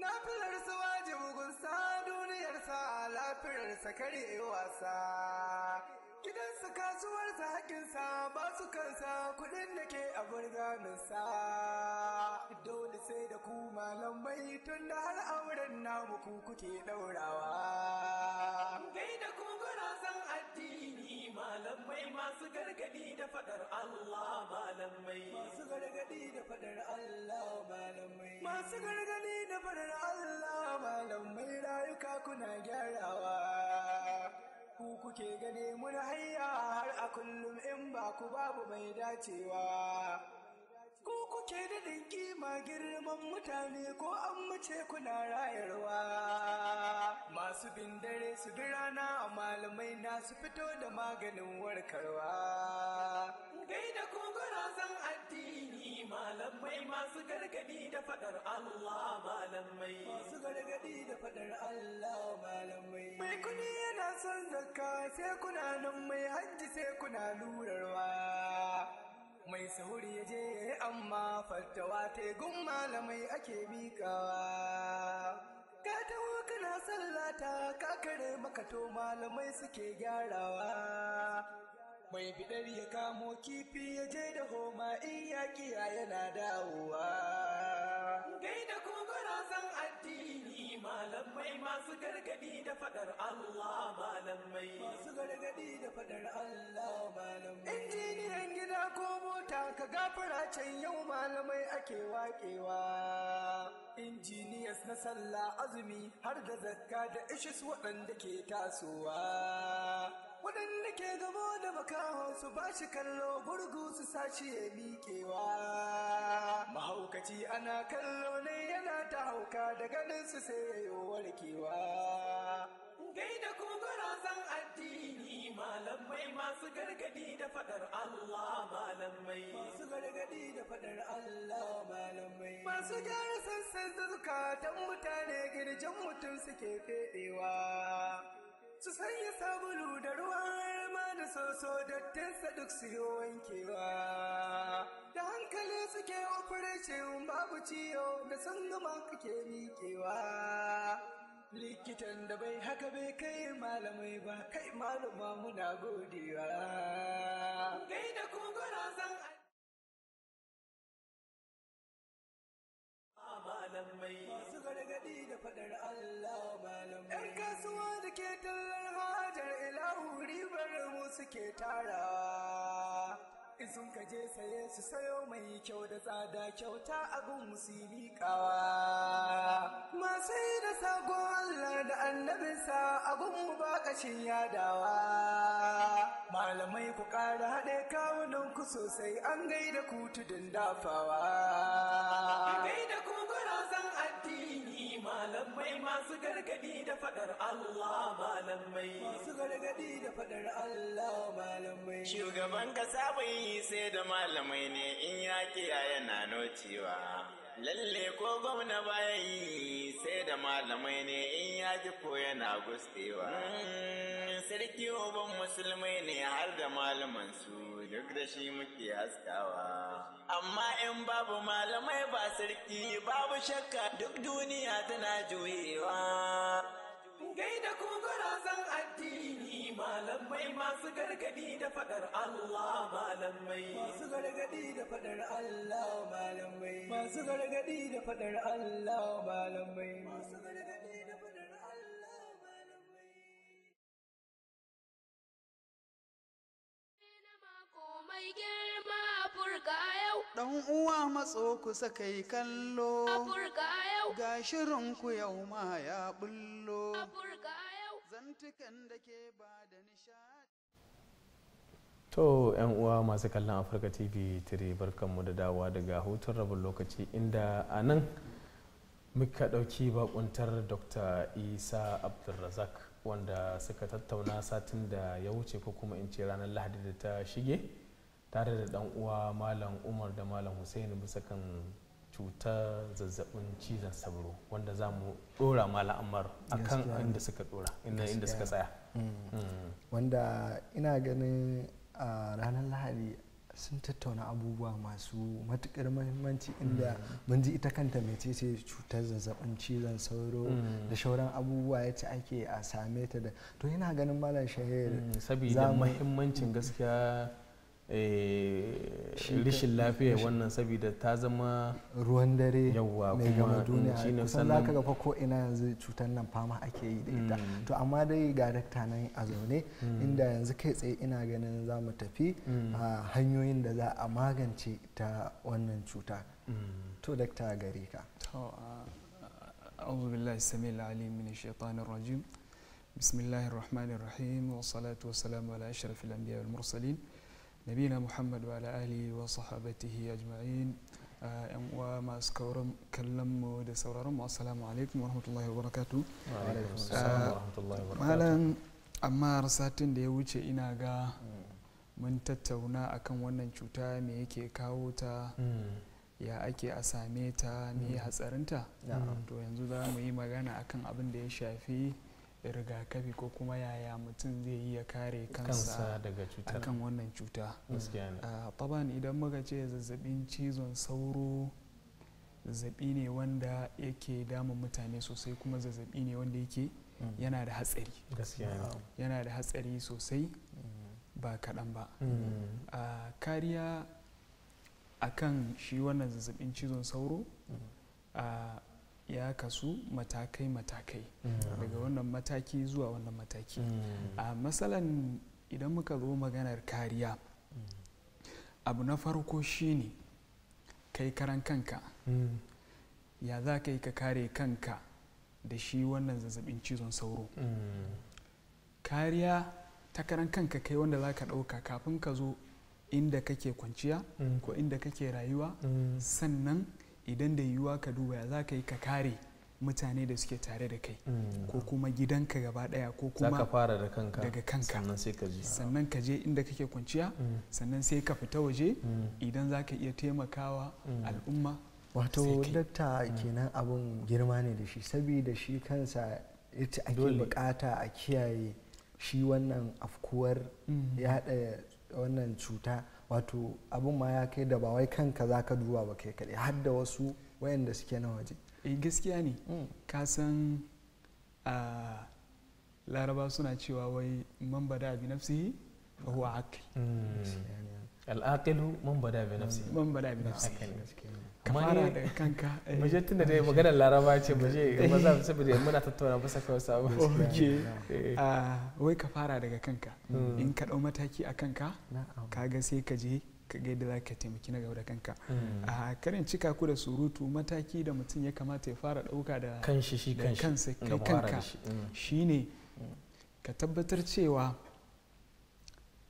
na su waje mugunsa duniyarsa lafiyarsa kare wasa gidansa kasuwarsa haƙinsa ba su kansa kuɗin da ke a burganinsa dole sai da ku malamai tun da har auren namu ku kuke ɗaurawa gai da san addini malamai masu gargadi da fadar Allah malamai masu gargadi da fadar Allah malamai masu gargadi da fadar Allah malamai rayuka kuna gyarawa ku kuke gane mun hayya har a kullum in ba ku babu mai dacewa Ko kuke daɗin kima girman mutane ko an mace kuna rayarwa. Masu bin dare su bi rana a malamai na su fito da maganin warkarwa. Gaida ku zan addini malamai masu gargadi da fadar Allah malamai. Masu gargadi da fadar Allah malamai. Mai kuni yana son zakka sai kuna nan mai hajji sai kuna lurarwa. mai sauri ya je ya yi amma fattawa ta malamai ake miƙawa ka taho kana sallata ka kare maka to malamai suke gyarawa mai bidar ya kamo kifi ya je da homa in ya yana dawowa malamai masu gargadi da fadar Allah malamai masu gargadi da fadar Allah malamai injiniyan gida ko mota ka gafara can yau malamai ake waƙewa. injiniyas na sallah azumi har da zakka da ishis waɗanda ke tasowa waɗanda ke gabo da makaho su ba shi kallo gurgu su sashi ya miƙewa mahaukaci ana kallo ne yana ta hauka da ganin su sai ya yi warkewa da ku zan addini malamai masu gargadi da fadar Allah malamai masu gargadi da fadar Allah malamai masu gyara sassan don mutane girjan mutum suke fedewa su sanya sabulu da ruwan har ma da soso dattinsa duk su yi wankewa da hankali suke operation babu ciyo da sun gama kake miƙewa likitan da bai haka bai kai malamai ba kai maluma muna godewa da kogoro zan malamai masu gargaɗi da faɗar Allah malamai 'yan kasuwa da ke talla har mu suke tarawa in sun kaje saye su sayo mai kyau da tsada kyauta abin musulmi kawa masu yi da sago Allah da annabinsa abin mu ba kashin yadawa malamai ku ƙara haɗe kawunan ku sosai an gaida ku tudun dafawa malamai masu gargadi da fadar Allah malamai masu gargadi da fadar Allah malamai shugaban kasa bai yi sai da malamai ne in ya kiyaye na nocewa lalle ko gwamna yi, sai da malamai ne in ya ji ko yana gustewa mm, sarki uban musulmai ne har da malaman su duk da shi muke haskawa amma in babu malamai ba sarki babu shakka duk duniya tana juyewa gaida ku gurazan addini malamai masu gargadi da fadar Allah malamai masu gargadi da fadar Allah malamai masu gargadi da fadar Allah malamai masu gargadi Afirka Ɗan uwa matso kusa kai kallo. ga shirin Ga shirinku yau ma ya bullo. Afirka da ke ba da nishadi. To yan uwa masu kallon Afirka TV 3 barkanmu da dawa daga hutun rabin lokaci inda a nan muka ɗauki bakuntar Dr. Isa Abdulrazak wanda suka tattauna satin da ya wuce ko kuma in ce ranar Lahadi da ta shige. tare da dan uwa malam umar da malam hussein bisa kan cuta zazzabin cizon sauro wanda za mu dora malam amar a kan inda suka dora inda suka tsaya mm. Mm. wanda ina ganin a ranar lahadi sun tattauna abubuwa masu matukar mahimmanci inda mm. mun ji ita kanta mai mecece cutar zazzabin cizon sauro da shauran abubuwa ya ce ake a same ta da to ina ganin malam shahir saboda mahimmancin gaskiya Eh, rishin lafiya wannan saboda ta zama ruwan dare mai gama duniya kusan za ka gafa ko ina yanzu cutar nan fama ake yi da ita mm. to amma dai ga dakta nan a zaune mm. inda yanzu kai tsaye ina ganin za mu tafi mm. hanyoyin da za a magance ta wannan cuta to dakta gare ka أعوذ بالله السميع wa من الشيطان الرجيم بسم الله nabina muhammad wa ala alihi wa sahabatihi ajma'in ah, yan uwa masu kauran kallon mu da sauraron mu assalamu alaikum wa rahmatullahi wa barakatu ah, malam amma satin da ya wuce ina ga mun tattauna akan wannan cuta me yake kawo ta hmm. ya ake a same ta me hmm. hatsarinta to yanzu za mu yi magana akan abin da ya shafi rigakafi ko kuma yaya mutum zai yi ya kare kansa daga cutar akan wannan cuta ah, taban idan muka ce zazzabin cizon sauro zazzabi ne wanda yake dama mutane sosai kuma zazzabi ne wanda yake mm. yana da hatsari ah, yana da hatsari sosai mm. ba kaɗan ba mm. ah, kariya akan shi wannan zazzabin cizon sauro ya kasu matakai-matakai mm. daga wannan mataki zuwa wannan mataki mm. a matsalan idan muka zo maganar kariya mm. abu na farko shine kai karan kanka ya za ka yi ka kare kanka da shi wannan zazzabin cizon sauro kariya ta karan kanka kai wanda za ka ɗauka kafin ka zo inda kake kwanciya ko inda kake rayuwa sannan idan da yiwuwa ka duba ya za ka yi ka kare mutane da suke tare da kai mm. ko kuma gidanka gaba daya ko kuma daga kanka sannan ka je inda kake kwanciya mm. sannan sai ka fita waje mm. idan za ka iya taimakawa al'umma wato datta kenan abun girma ne da shi saboda shi kansa ita ake bukata a kiyaye shi wannan afkuwar yada wannan cuta wato abin ma ya kai da ba wai kanka za ka duba ba kai kaɗai har da wasu wayanda suke na waje eh gaskiya ne mm. ka san a laraba suna cewa wai man bada bi nafsi fa huwa aqil mm. al aqilu man bada bi nafsi man bada bi nafsi ka fara kanka eh. mu je tunda dai maganar laraba ce mu je eh. maza saboda muna tattauna ba saka eh. ah, wai ka fara daga kanka hmm. in ka dau mataki a kanka ga sai ka je ka ga yadda za ka taimaki na gaba da kanka hmm. a ah, karin cika ku da surutu mataki da mutum ya kamata ya fara dauka da kanshi shi kansa hmm, kai kanka shine ka tabbatar cewa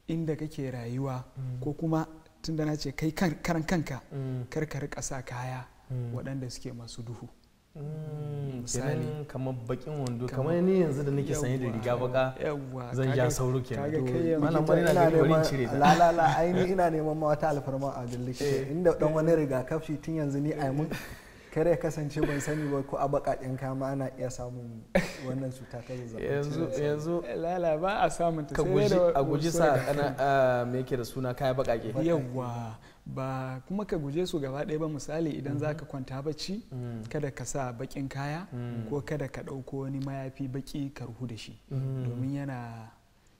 inda kake rayuwa ko kuma da na ce kai karan kanka mm. kar ka rika sa kaya mm. waɗanda suke masu duhu mm. misali kamar bakin wando kamar ni yanzu da nake sanye da riga baka zan ja sauro ke kaga kai yanzu la la la ai ina neman ma wata alfarma a gallake eh. inda dan wani kafshi tun yanzu ni ai mun eh. kare ya kasance ban sani ba ko a bakaƙen kama ana iya samun wannan cuta ta zazzabin yanzu yanzu lala ba a samun ta sai da a guji sa ana ah, me yake da suna kaya bakake yawa ba kuma ka guje su gaba ɗaya ba misali idan za ka mm-hmm. kwanta bacci mm. kada ka sa bakin kaya mm. ko kada ka ɗauko wani mayafi baki ka ruhu da shi mm. domin yana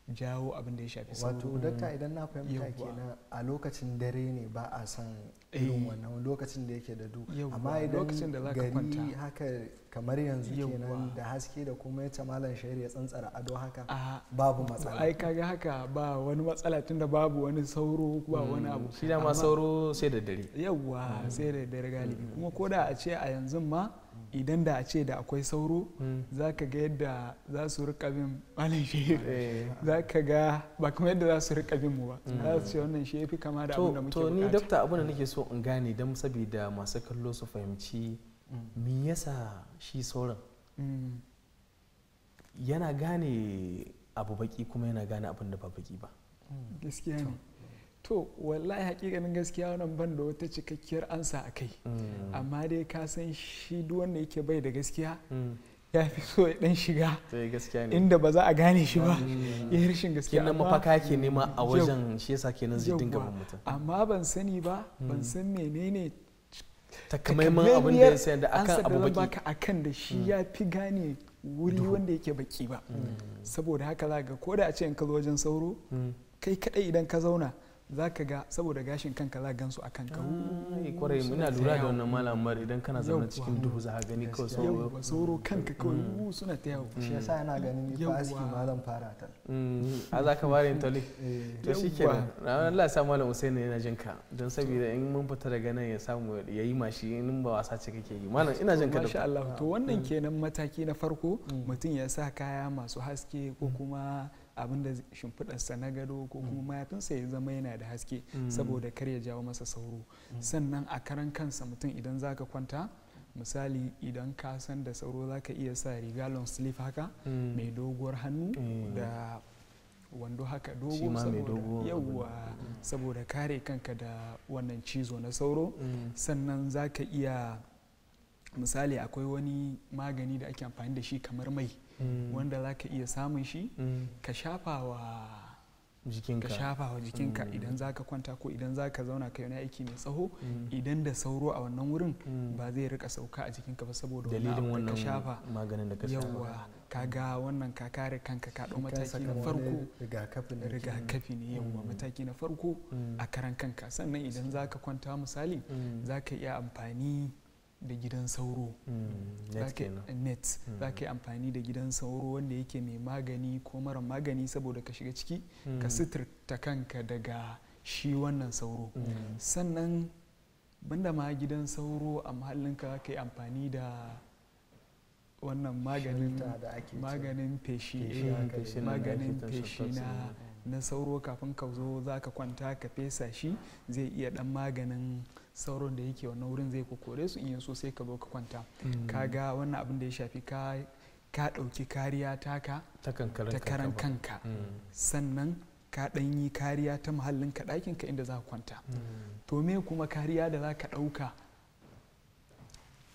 jawo abin da ya shafi wato dakta idan na fahimta kenan a lokacin dare ne ba a san eh. irin wannan lokacin da yake da du amma idan gari haka kamar yanzu kenan da haske da kuma ya malam shahir ya tsantsara ado haka ah, babu matsala ai kaga haka ba wani matsala tunda babu wani sauro ba wani abu mm, shi ma sauro sai da dare yawwa mm. sai da dare galibi mm. kuma ko da a ce a yanzu ma idan da a ce da akwai sauro hmm. za ka ga yadda za su rika bin malin shehir eh. za ka ga ba kuma yadda za su rika bin mu ba za hmm. su ce wannan shi ya fi kama da abin da muke to ni dokta abin da nake so in gane don saboda masu kallo su fahimci hmm. me yasa shi sauran yana gane abu baki kuma yana gane abin da ba baki ba gaskiya ne to wallahi hakikanin gaskiya wannan ban da wata cikakkiyar ansa a kai mm. amma dai ka san shi duk wanda yake bai da gaskiya mm. ya fi so ya dan shiga eh, inda ba za a gane shi ba mm. ya yi rashin gaskiya kenan mafaka ke nema a wajen shi yasa kenan zai dinga ban mutum amma ban sani ba ban san menene takamaiman abin da ya sayar da akan abu baki baka akan da shi ya fi gane wuri wanda yake baki ba saboda haka za ga ko da a ce in ka zo wajen sauro kai kadai idan ka zauna za ka ga saboda gashin kanka za gansu a kanka kwarai muna lura da wannan malamar idan kana zama cikin duhu za ka gani kawai sauro yawwa sauro kanka kawai mm. suna ta yawo mm. shi yasa yana ganin ni aski ma zan fara ta mm. a za ka fara intoli eh. to shikenan Allah ya sa malam Usaini yana jin ka don saboda in mun fita daga nan ya samu ya yi mashi in ba wasa ce kake yi malam ina jin ka da Allah to wannan kenan mataki na farko mutum ya sa kaya masu haske ko kuma abin da shimfiɗarsa na gado ko kuma mm. mayafinsa ya zama yana da haske mm. saboda kar ya jawo masa sauro mm. sannan a karan kansa mutum idan zaka kwanta misali idan ka san da sauro zaka iya sa riga long sleeve haka mai doguwar hannu da wando haka dogo saboda yawwa saboda kare kanka da wannan cizo na sauro sannan zaka iya misali akwai wani magani da ake amfani da shi kamar mai Mm. wanda za ka iya samun shi mm. ka shafa wa jikinka shafa wa jikinka mm. idan za ka kwanta ko idan za ka zauna ka yi wani aiki mai tsaho idan da sauro a wannan wurin ba zai rika sauka a jikinka ba saboda dalilin wannan ka shafa maganin da ka shafa yawa ka ga wannan ka kare kanka ka ɗau mataki na farko rigakafi ne yawa mataki na farko a karan kanka sannan idan za ka kwanta misali za ka iya amfani da gidan sauro hmm, net hmm. za ka yi amfani da gidan sauro wanda yake mai magani ko mara magani saboda ka shiga ciki ka hmm. suturta kanka daga shi wannan sauro sannan banda ma gidan sauro a mahallinka ka yi amfani da wannan maganin feshi na na sauro kafin ka zo za ka kwanta ka fesa shi zai iya dan maganin sauron da yake wannan wurin zai kokore su in so sai ka zo ka kwanta hmm. ka ga wannan abin da ya shafi ka ka kariya taka ta karan kanka hmm. sannan ka ɗan yi kariya ta muhallin ka ka inda za ka kwanta hmm. to me kuma kariya da za ka ɗauka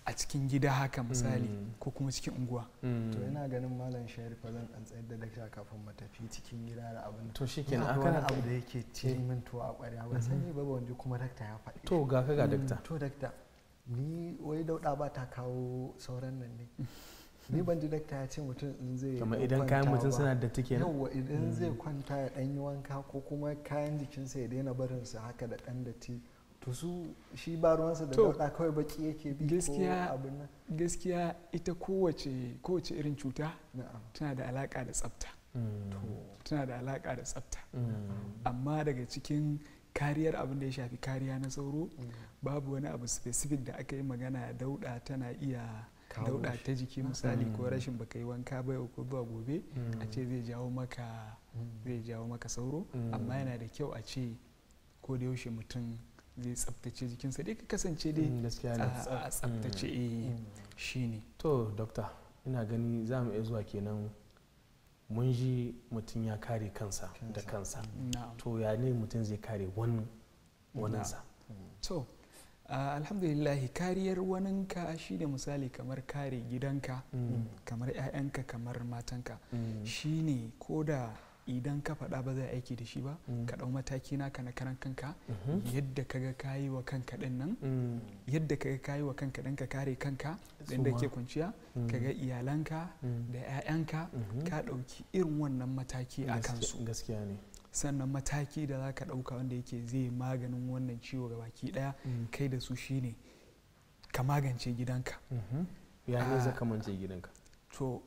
a cikin gida haka misali mm. ko kuma cikin unguwa mm. to yana ganin malam shayar fa zan dan tsayar da dakta kafin mu tafi cikin gida da abin to na akan abu da yake ci eh. min tuwa a ƙwarya ban sani mm-hmm. ba ba wanda kuma dakta ya faɗi to ga ka ga mm, dakta to dakta ni wai dauɗa ba ta kawo sauran nan ne ni ban ji dakta ya ce mutum in zai kamar idan kayan mutum suna da tike na yawa idan zai kwanta ya ɗan yi wanka ko kuma kayan jikinsa ya daina barinsa haka da ɗan datti to su shi ba ruwansa da dauka kawai baki yake bi gaskiya abin nan gaskiya ita kowace kowace irin cuta tana da alaka da tsafta mm. tana da alaka da tsafta mm. amma daga cikin kariyar abin da ya shafi kariya na sauro mm. babu wani abu specific da aka yi magana dauda tana iya dauda ta jiki misali ko rashin baka yi wanka bai ko ba gobe a ce zai jawo maka zai jawo maka sauro amma yana da kyau a ce ko da yaushe mutum zai tsabtace jikinsa dai ka kasance dai mm, a mm. tsabtace eh, mm. shi ne to dokta ina gani za mu iya zuwa kenan mun ji mutum ya kare kansa da kansa to ya ne mutum zai kare waninsa to alhamdulillahi kariyar waninka ne misali kamar kare gidanka kamar 'ya'yanka kamar matanka ne ko da idan ka faɗa ba za a aiki da shi ba mm. ka ɗau mataki naka na karan kanka mm-hmm. yadda kaga kayi wa kanka ɗin nan mm. yadda kaga kayi wa kanka ɗin ka kare kanka da ke kwanciya mm. kaga iyalanka da 'ya'yanka mm-hmm. ka ɗauki irin wannan mataki a kansu gaskiya ne sannan mataki da za ka ɗauka wanda yake zai maganin wannan ciwo ga baki ɗaya kai da su shine ka magance gidanka mm-hmm. ya ne ah. zaka magance gidanka to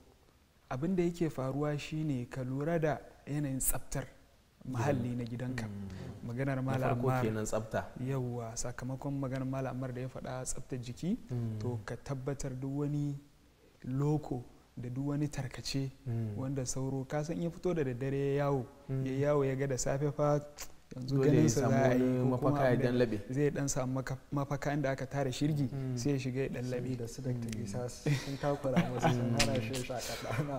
abin da yake faruwa shine ka lura da yanayin tsaftar muhalli na gidanka mm. maganar sakamakon maganar malamar da ya faɗa tsafta jiki mm. to ka tabbatar duk wani loko da duk wani tarkace mm. wanda sauro kasan ya fito da daddare ya yawo ya yawo ya ga da safe fa yanzu ganin sa za a yi mafaka ya dan labe zai dan samu mafaka inda aka tara shirgi mm. sai ya shiga ya dan labe da su dakta mm. isa sun takura musu sun hana shi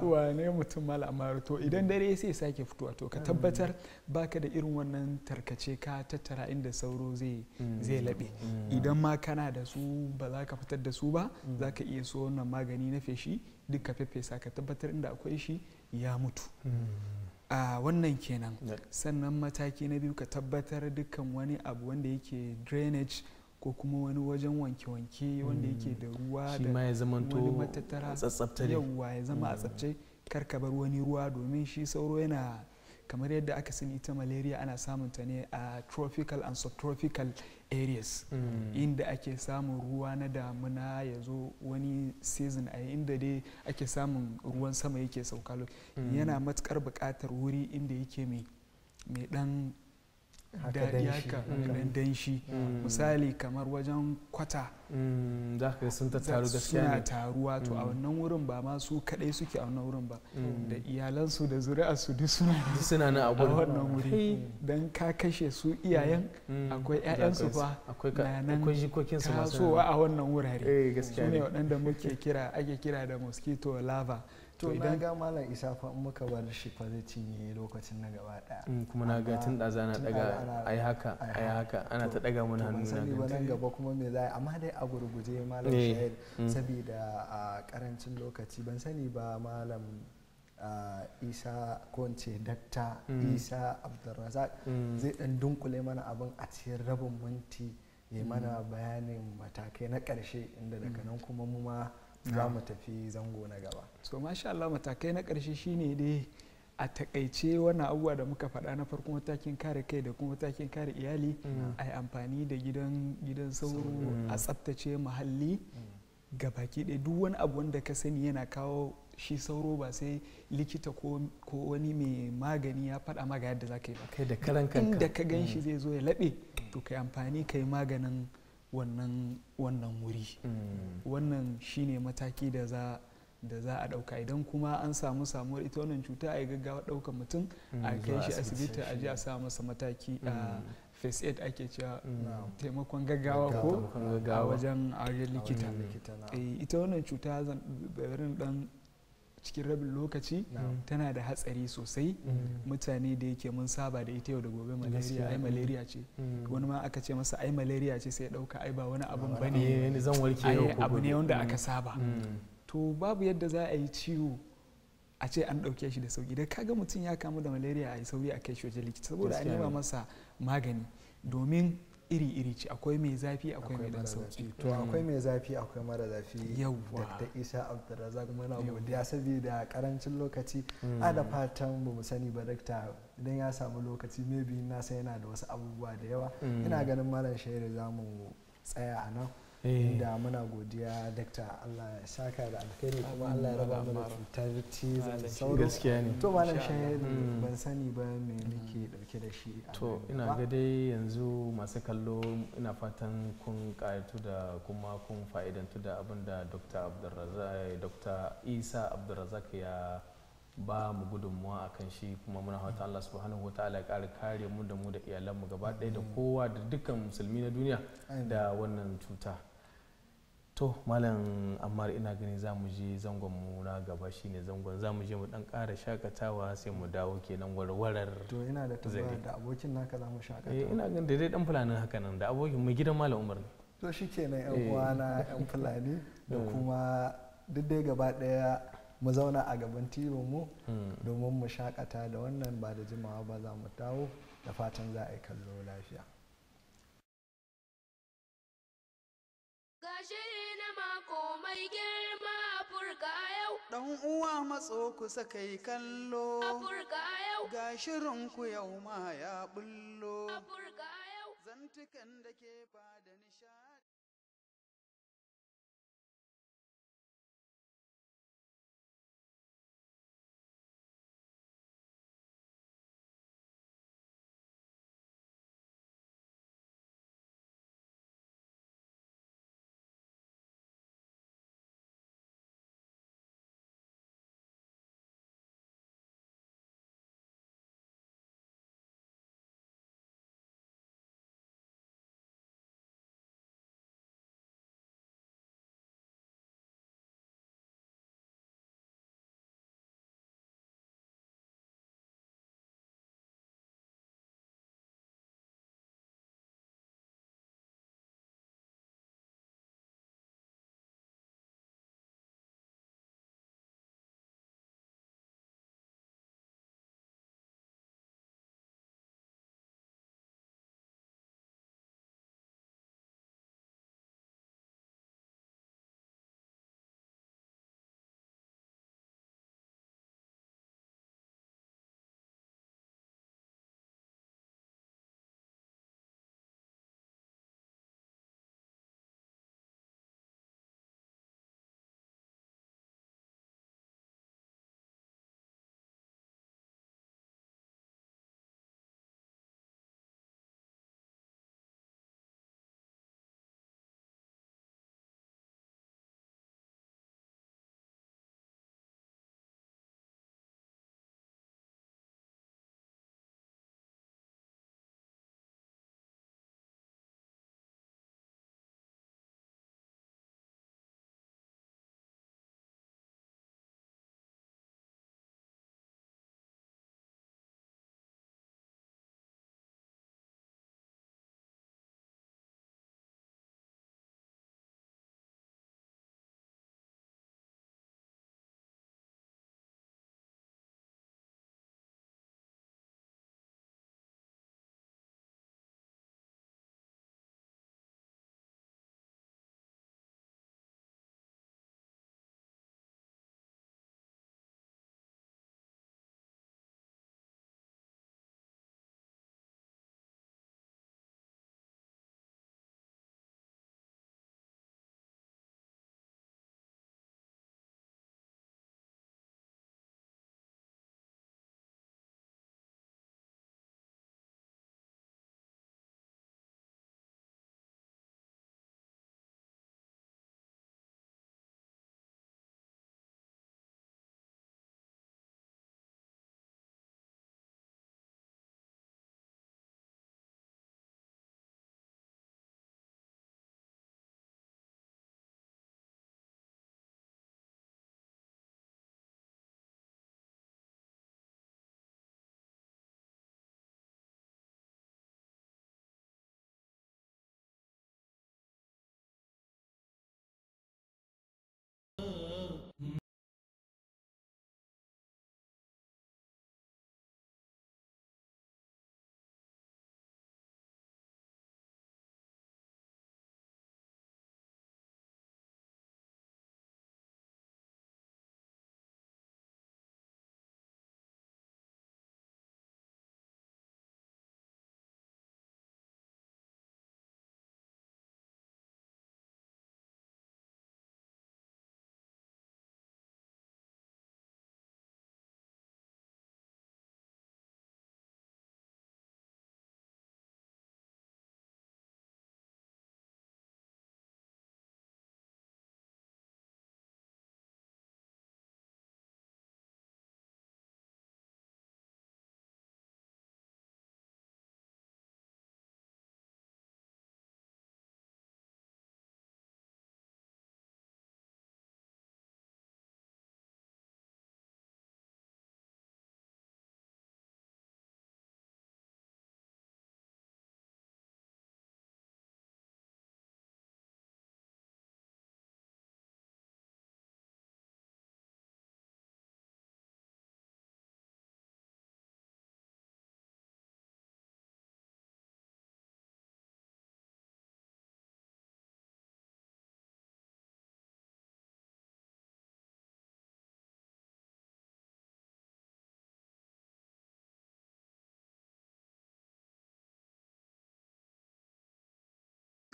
wa wane mutum mal'amaru to idan mm. dare sai sake fitowa to ka tabbatar baka da irin wannan tarkace ka tattara inda sauro zai zai labe idan ma kana da su ba za ka fitar da su ba za ka iya so wannan magani na feshi duk ka fefesa ka tabbatar inda akwai shi ya mutu a wannan kenan sannan mataki na biyu ka tabbatar dukkan wani abu wanda yake drainage ko kuma wani wajen wanke-wanke wanda yake da hmm. ruwa da wani matattara yawwa ya zama a hmm. tsabce kar ka bar wani ruwa domin shi sauro yana kamar yadda aka sani ita malaria ana samunta ne a tropical and subtropical areas mm. inda ake samun ruwa na damuna ya zo wani season a inda dai ake samun ruwan sama yake sauka mm. yana matukar bukatar wuri inda yake mai dan daɗi haka danshi mm. misali kamar wajen kwata mm, za ka sun taru gaskiya suna taruwa to a mm. wannan wurin ba ma su kaɗai suke a wannan wurin ba da iyalansu da zuri'arsu duk suna suna na a wannan wuri dan ka kashe su iyayen akwai ƴaƴansu fa na nan tasowa a wannan wurare eh, su ne waɗanda muke kira ake kira da mosquito lava to na ga malam isa fa in muka bar shi fa zai cinye lokacin na gaba daya mm, kuma na ga tun da zana daga ai haka ai haka ana ta daga mun hannu na ba nan gaba kuma me za amma dai a gurguje malam eh, shahid mm. saboda a karancin lokaci ban sani ba malam isa ko in ce datta mm. isa abdulrazak zai dan dunkule mana abin a cikin rabin minti ya mana bayanin matakai na karshe inda daga nan kuma mu ma za mu tafi zango na gaba so masha Allah matakai na ƙarshe shine dai a takaice wannan abubuwa da muka faɗa na farko matakin kare kai da kuma matakin kare iyali a yi amfani da gidan gidan sauro mm. a tsaftace muhalli mm. ga baki ɗaya duk wani abu wanda ka sani yana kawo shi sauro ba sai likita ko wani mai magani ya faɗa maga yadda za ka yi ba kai da karan kanka inda ka gan shi mm. zai zo ya laɓe to kai amfani kai maganin wannan wuri mm. wannan shine mataki da za da za a dauka idan kuma an samu samuwar ita wannan cuta a yi gaggawa daukan mutum mm, a kai shi asibiti a ji a sa masa mataki a first mm. aid ake cewa taimakon gaggawa ko a wajen a likita eh, ita wannan cuta zan cikin rabin lokaci tana da hatsari sosai mm. mutane da yake mun saba da ita yau da gobe malaria ai malaria ce mm. wani ma aka ce masa ai malaria ce sai dauka ai ba wani abun bane ne abu ne wanda mm. aka saba to babu yadda za a yi ciwo a ce an ɗauke shi da sauki da kaga mutum ya kamu da malaria a yi sauri a kai shi waje likita saboda an nema masa magani domin iri-iri ce akwai mai zafi akwai mai dan sauki akwai mai zafi akwai mara zafi da isa abdurrazak muna godiya saboda karancin lokaci mm. a da fatan ba mu sani ba dakta idan ya samu lokaci maybe na san yana da wasu abubuwa da yawa mm. ina ganin mara shairi za mu tsaya a nan Eh. inda muna godiya dakta Allah ya saka da alkhairi kuma Allah ya raba mana cutar cizon sauro gaskiya ne to malam shahidi mm. ban sani ba me nake mm. dauke da shi to ina ga dai yanzu masu kallo ina fatan kun kayatu da kuma kun fa'idantu da abin da Dr. Abdulrazak Isa Abdulrazak ya ba mu gudunmuwa a kan shi kuma muna hauta Allah subhanahu wa ta'ala ƙara kare mu da mu da iyalanmu gaba ɗaya da kowa da dukkan musulmi na duniya da wannan cuta. to malam ammar ina gani za mu je zangon mu na gaba shine zangon za mu je mu dan ƙara shakatawa sai mu dawo kenan warwarar to ina da tabbata da abokin naka za mu shakatawa eh ina ganin da dai dan fulanin haka nan da abokin mu gidan malam umar ne to shikenan yan eh. uwana yan fulani da eh. kuma duk dai gaba daya mu zauna a gaban tilo mu hmm. domin mu shakata da wannan ba da jimawa ba za mu dawo da fatan za a yi kallo lafiya Komai mai girma furka yau. Ɗan uwa matso kusa yi kallo. A furka yau. Ga shirinku yau ma ya bullo. A furka yau. Zantukan da ke ba da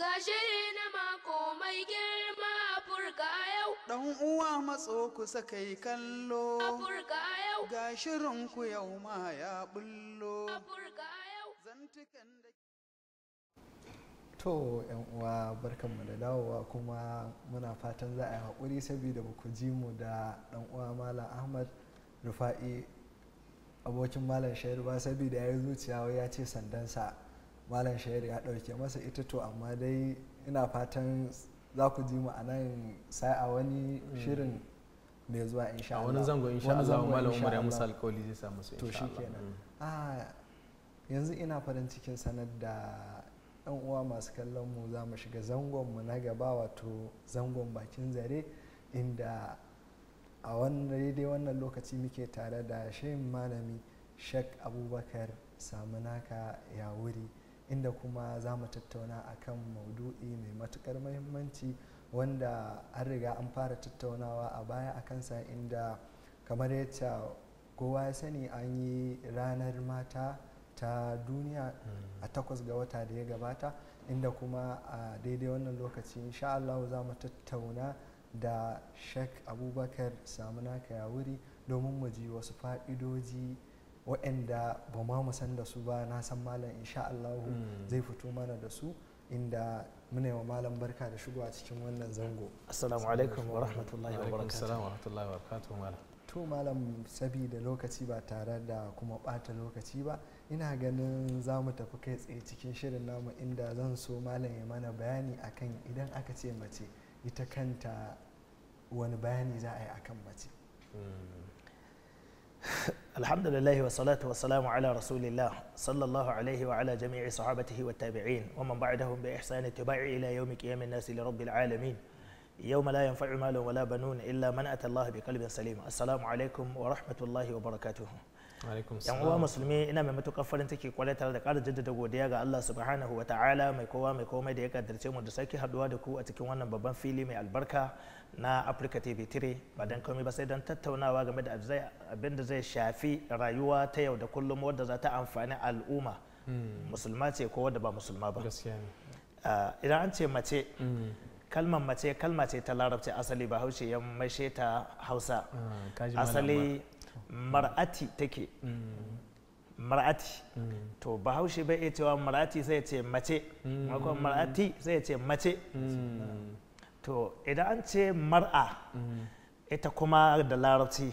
gashe na mako mai girma Afirka yau. Dan uwa matso kusa kayi kallo. furka yau. Ga shirin ku yau ma ya bullo. furka yau. Zantukan da To yan uwa barkanmu da dawowa kuma muna fatan za a yi haƙuri saboda ba ku ji mu da ɗan uwa Malam Ahmad Rufa'i abokin Malam Shairu ba saboda ya yi zuciya ya ce sandansa malam shahir ya ɗauke masa ita to amma dai ina fatan za ku ji mu a nan sai a wani mm. shirin mai zuwa insha Allah A wani zango insha Allah malam Umar ya musa alkawali zai samu su insha Allah mm. ah yanzu ina farin cikin sanar da yan uwa masu kallon mu za mu shiga zangon mu na gaba wato zangon bakin zare inda a wani dai wannan lokaci muke tare da shehin malami shek Abubakar Samunaka ya wuri inda kuma za mu tattauna akan maudu'i mai matukar mahimmanci wanda an riga an fara tattaunawa a baya a kansa inda kamar yadda kowa ya sani an yi ranar mata ta duniya a takwas ga wata da ya gabata inda kuma a daidai wannan lokaci insha Allah za mu tattauna da shek abubakar samunaka ya wuri domin mu ji wasu fa'idoji waɗanda ba ma mu san da su ba na san malam insha Allahu mm. zai fito mana da su inda muna yi wa malam barka da shigo a cikin wannan zango assalamu alaikum wa rahmatullahi wa barakatuhu malam to malam sabida lokaci ba tare da kuma bata lokaci ba ina ganin za mu tafi kai tsaye cikin shirin namu inda zan so malam ya mana bayani akan idan aka ce mace ita kanta wani bayani za a yi akan mace mm. alhamdulillah wa salatu wa salamu ala rasulillah sallallahu alaihi wa ala jami'i sahabatihi wa tabi'in wa man ba'dahum bi ihsani tabi'i ila yawmi qiyamin nas li rabbil alamin malam la yanfa'u malun wala banun illa man ata Allah bi qalbin salim assalamu alaikum wa rahmatullahi wa barakatuh yan uwa musulmi ina mai matukar farin ciki kwarai tare da ƙara jaddada godiya ga Allah subhanahu wa ta'ala mai kowa mai komai da ya kaddarce mu da sake haduwa da ku a cikin wannan babban fili mai albarka na Africa TV3 ba don komai ba sai don tattaunawa game da abin da zai shafi rayuwa ta yau da kullum wadda za ta amfani al'umma hmm. musulma ce ko wadda ba musulma ba ah, idan an ce mace hmm. kalmar mace kalma ce ta larabci asali ba haushe ya maishe ta hausa ah, asali mar'ati take hmm. mar'ati to ba haushe bai cewa mar'ati sai ce mace makon mar'ati sai ce mace to idan an ce mar'a mm-hmm. ita kuma da larabci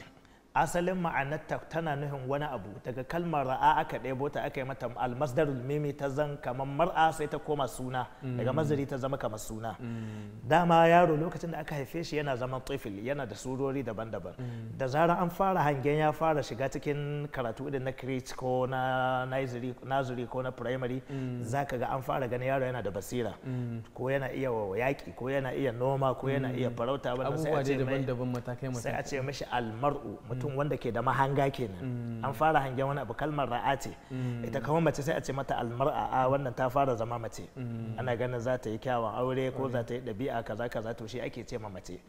asalin ma'anarta tana nufin wani abu daga kalmar ra'a aka ɗebo ta aka yi mata almasdar mimi ta zan kamar mar'a sai ta koma suna daga mazari ta zama kamar suna dama yaro lokacin da aka haife shi yana zama tsifil yana da surori daban-daban da zarar an fara hangen ya fara shiga cikin karatu irin na kirit ko na nazari, ko na primary za ka ga an fara ganin yaro yana da basira ko yana iya yaƙi ko yana iya noma ko yana iya farauta sai a ce mashi almar'u mutum wanda ke da mahanga kenan mm. an fara hangen wani abu kalmar ra'a ce mm. ita kawai mace sai a ce mata almar'a a wannan ta fara zama mace mm. ana ganin za ta yi kyawun aure ko za ta yi ɗabi'a kaza kaza to shi ake ce ma mace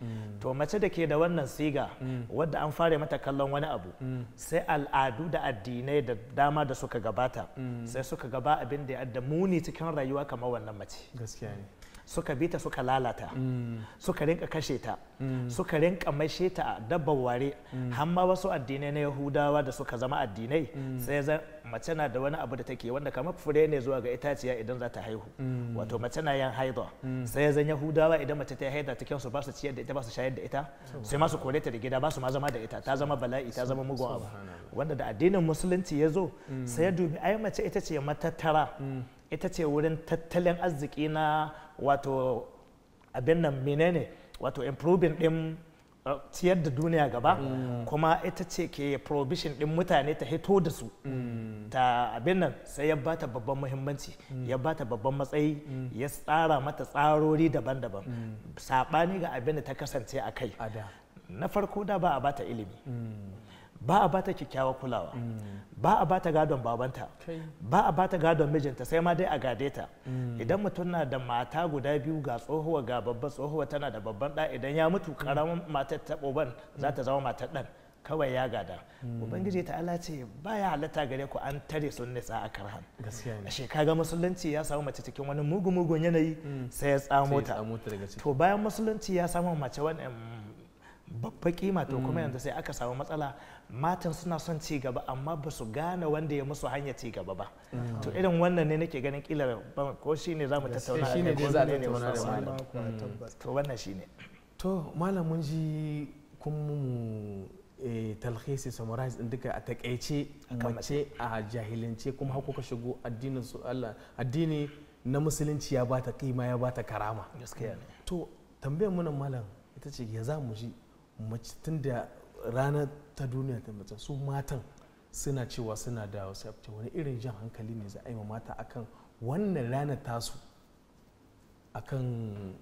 to mace da ke da wannan siga wadda an fara mata kallon wani abu sai al'adu da addinai da dama da suka gabata sai suka gaba abin da ya adda muni cikin rayuwa kamar wannan mace gaskiya ne suka bi ta suka lalata mm. suka rinka kashe ta mm. suka rinka maishe ta a dabbar ware mm. hamma wasu addinai na yahudawa da suka zama addinai sai zan mace na da wani abu da take wanda kamar fure ne zuwa ga itaciya idan za ta haihu wato mace na yan haidwa sai zan yahudawa idan mace ta haida ta su ba su ciyar da ita ba su shayar da ita sai ma su kore ta da gida ba su ma zama da ita ta zama bala'i ta zama mugun abu wanda da addinin musulunci ya zo sai ya dubi ai mace ita ce matattara ita ce wurin tattalin arziki na wato abin nan menene wato improving din uh, ciyar da duniya gaba mm. kuma ita ce ke prohibition din mutane ta hito da su mm. ta abin nan sai ya bata babban muhimmanci mm. ya bata babban matsayi ya tsara mata tsarori daban-daban saɓani ga abin da ta kasance a kai na farko da ba a bata ilimi ba a bata kyakkyawar kulawa mm. ba a bata gadon babanta ba a bata gadon mijinta sai ma dai a gade ta mm. idan mutum na da mata guda biyu ga tsohuwa ga babba tsohuwa tana da babban ɗa idan ya mutu karamin mm. matar ta oban za ta zama matar ɗan kawai ya gada ubangiji ta ala ce ba ya halatta gare ku an tare sun nisa a karhan A shekara musulunci ya samu mace cikin wani mugu mugun yanayi sai ya tsamo ta to bayan musulunci ya samu mace wani babba kima to kuma yanzu sai aka samu matsala matan suna son ci gaba amma ba su gane wanda ya musu hanya ci gaba ba mm. to irin wannan ne nake ganin kila ko shine mu tattauna eh, a shine za ne tattauna mm. Mm. to wannan shine to mun ji kun mu eh, talhisi samurai din duka a takaice mace a jahilince kuma haku ka shigo addinin su Allah addini na musulunci ya bata kima ya bata karama gaskiya ne to tambayar mu nan malam ita ce ya za mu ji mace tunda ranar ta duniya ta mace su matan suna cewa suna da wasu wani irin jan hankali ne za a yi wa mata akan wannan ranar tasu akan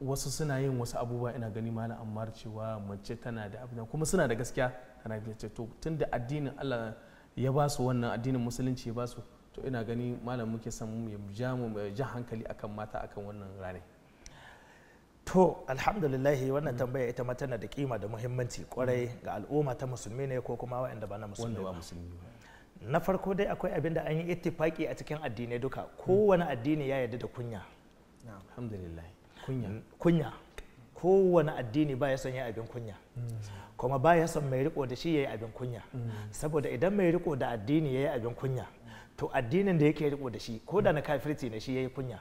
wasu suna yin wasu abubuwa ina gani malam amma cewa mace tana da abin kuma suna da gaskiya tana da ce to tunda addinin Allah ya ba su wannan addinin musulunci ya ba su to ina gani malam muke son mu ja hankali akan mata akan wannan ranar to alhamdulillahi wannan tambaya ita ma tana da kima da muhimmanci kwarai ga al'umma ta musulmi ne ko kuma waɗanda ba na musulmi na farko dai akwai abin da an yi ittifaki a cikin addinai duka kowane addini ya yarda da kunya alhamdulillah kunya mm. kunya kowane addini ba ya son yi abin kunya mm. kuma ba ya son mai riko da shi ya yi abin kunya mm. saboda idan mai riko da addini ya yi abin kunya to addinin da yake riko da shi ko da na kafirci ne shi ya yi kunya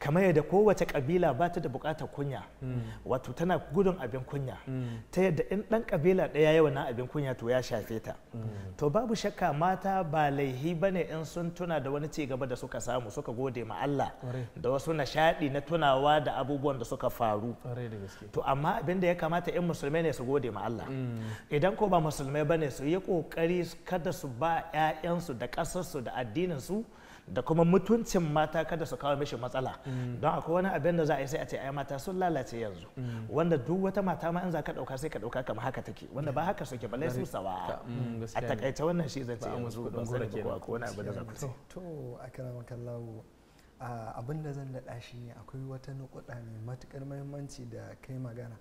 kamar yadda kowace kabila ba ta da bukatar kunya wato tana gudun abin kunya ta yadda in dan kabila daya yawan na abin kunya to ya shafe ta to babu shakka mata ba laihi bane in sun tuna da wani ci gaba da suka samu suka gode ma Allah da wasu nishadi na tunawa da abubuwan da suka faru to amma abin da ya kamata in musulmai ne su gode ma Allah mm. idan ko ba musulmai bane su yi kokari kada su ba 'ya'yansu da ƙasarsu da addinin su da kuma mutuncin mata kada su kawo mishi matsala don akwai wani abin da za a yi sai a ce ai mata sun lalace yanzu wanda duk wata mata ma in za ka dauka sai ka dauka kamar haka take wanda ba haka suke balai su sawa mm, a takaice wannan shi zan ce yanzu don zan ko wani abu da za ku ce to akraman kallahu abin da zan da shi ne akwai wata nukuda mai matukar muhimmanci da kai magana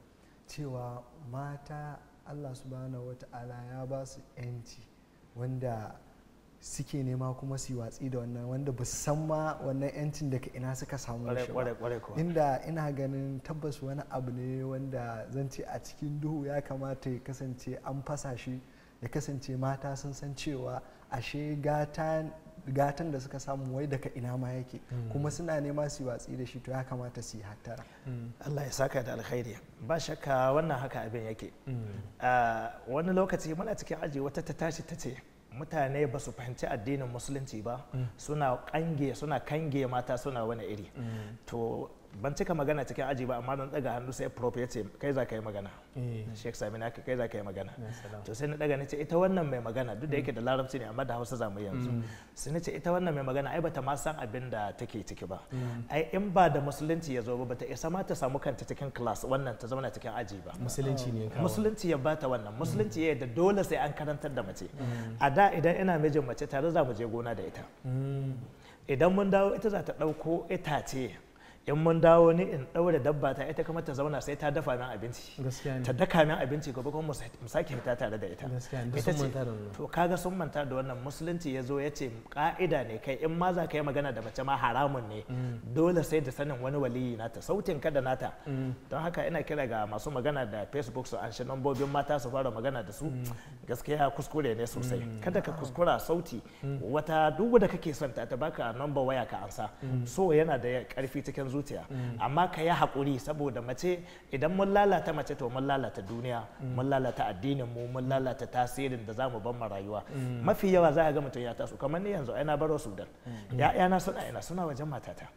cewa mata Allah subhanahu wata'ala ya ba su 'yanci wanda suke nema kuma su yi watsi da wannan wanda ba san ma wannan yancin daga ina suka samu shi ba inda ina ganin tabbas wani abu ne wanda zan ce a cikin duhu ya kamata ya kasance an fasa shi ya kasance mata sun san cewa ashe gatan da suka samu wai daga ina ma yake hmm. kuma suna nema su yi watsi da shi to ya kamata su yi hattara hmm. Allah ya saka da alkhairi ba shakka wannan haka abin yake hmm. ah, wani lokaci muna cikin aji wata ta tashi ta ce mutane ba su fahimci addinin musulunci ba mm. suna kange mata suna wani iri mm. to ban cika magana cikin aji ba amma don daga hannu sai prof ya ce kai za ka yi magana eh. sheikh sami na kai za ka yi magana to sai na daga ce ita wannan mai magana duk da yake da larabci ne amma da hausa zamu yanzu mm. sai ce ita wannan mai magana ai bata ma san abin da take ciki ba mm. ai in ba da musulunci ya zo ba bata isa ma ta samu kanta cikin class wannan ta zauna cikin aji ba musulunci ne musulunci ya bata wannan musulunci ya da dole sai an karantar da mace mm. a da idan ina mijin mace tare za mu je gona da ita idan mun dawo ita za ta dauko itace in mun dawo ni in ɗaure dabba ta ita kuma ta zauna sai ta dafa min abinci ta daka min abinci gobe kuma mu sake fita tare da ita ita ce to kaga sun manta da wannan musulunci ya zo ya ce ka'ida ne kai in ma za ka yi magana da mace ma haramun ne mm. dole sai da sanin wani waliyi nata sautin ka da nata mm. don haka ina kira ga masu magana da facebook su an shi nambobin mata su fara magana da su mm. gaskiya kuskure ne sosai kada ka kuskura sauti wata duk da kake son ta ta baka number waya ka ansa so yana da karfi cikin zuciya zuciya mm. amma ka yi haƙuri saboda mace idan mun lalata mace to mun lalata duniya mm. mun lalata addinin mu mun mm. lalata tasirin da zamu ban rayuwa mafi yawa za ka ga mutum ya taso kamar ni yanzu ina baro sudan ya'yana suna ina suna wajen matata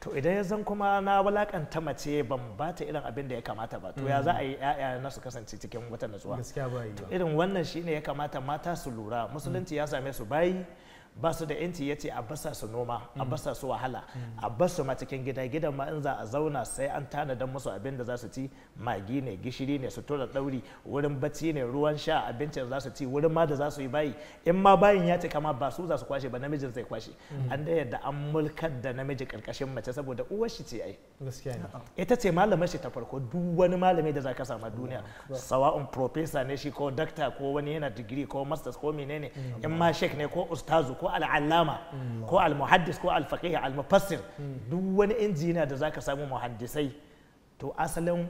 to idan ya zan kuma na walakanta mace ban ba ta irin abin da ya kamata ba to ya za a yi ya'ya na su kasance cikin wata natsuwa to irin wannan shine ya kamata mata su lura musulunci ya same su bayi ba su da yanci ya ce a basa su noma a basa su wahala a basu ma cikin gida gidan ma in za a zauna sai an tanadan musu abin da za su ci magi ne gishiri ne tura dauri wurin bacci ne ruwan sha abincin za su ci wurin ma da za su yi bayi in ma bayin ya ce kama ba su za su kwashe ba namijin zai kwashe an da yadda an mulkar da namiji karkashin mace saboda uwar shi ce ai ita ce malamar shi ta farko duk wani malami da za ka samu duniya sawa'un profesa ne shi ko dakta ko wani yana digiri ko masters ko menene mm. in ma shek ne ko ustazu ko al'allama mm. ko al-muhaddis ko al-faqih al-mufassir mm. duk wani injiniya da zaka samu muhaddisai to asalin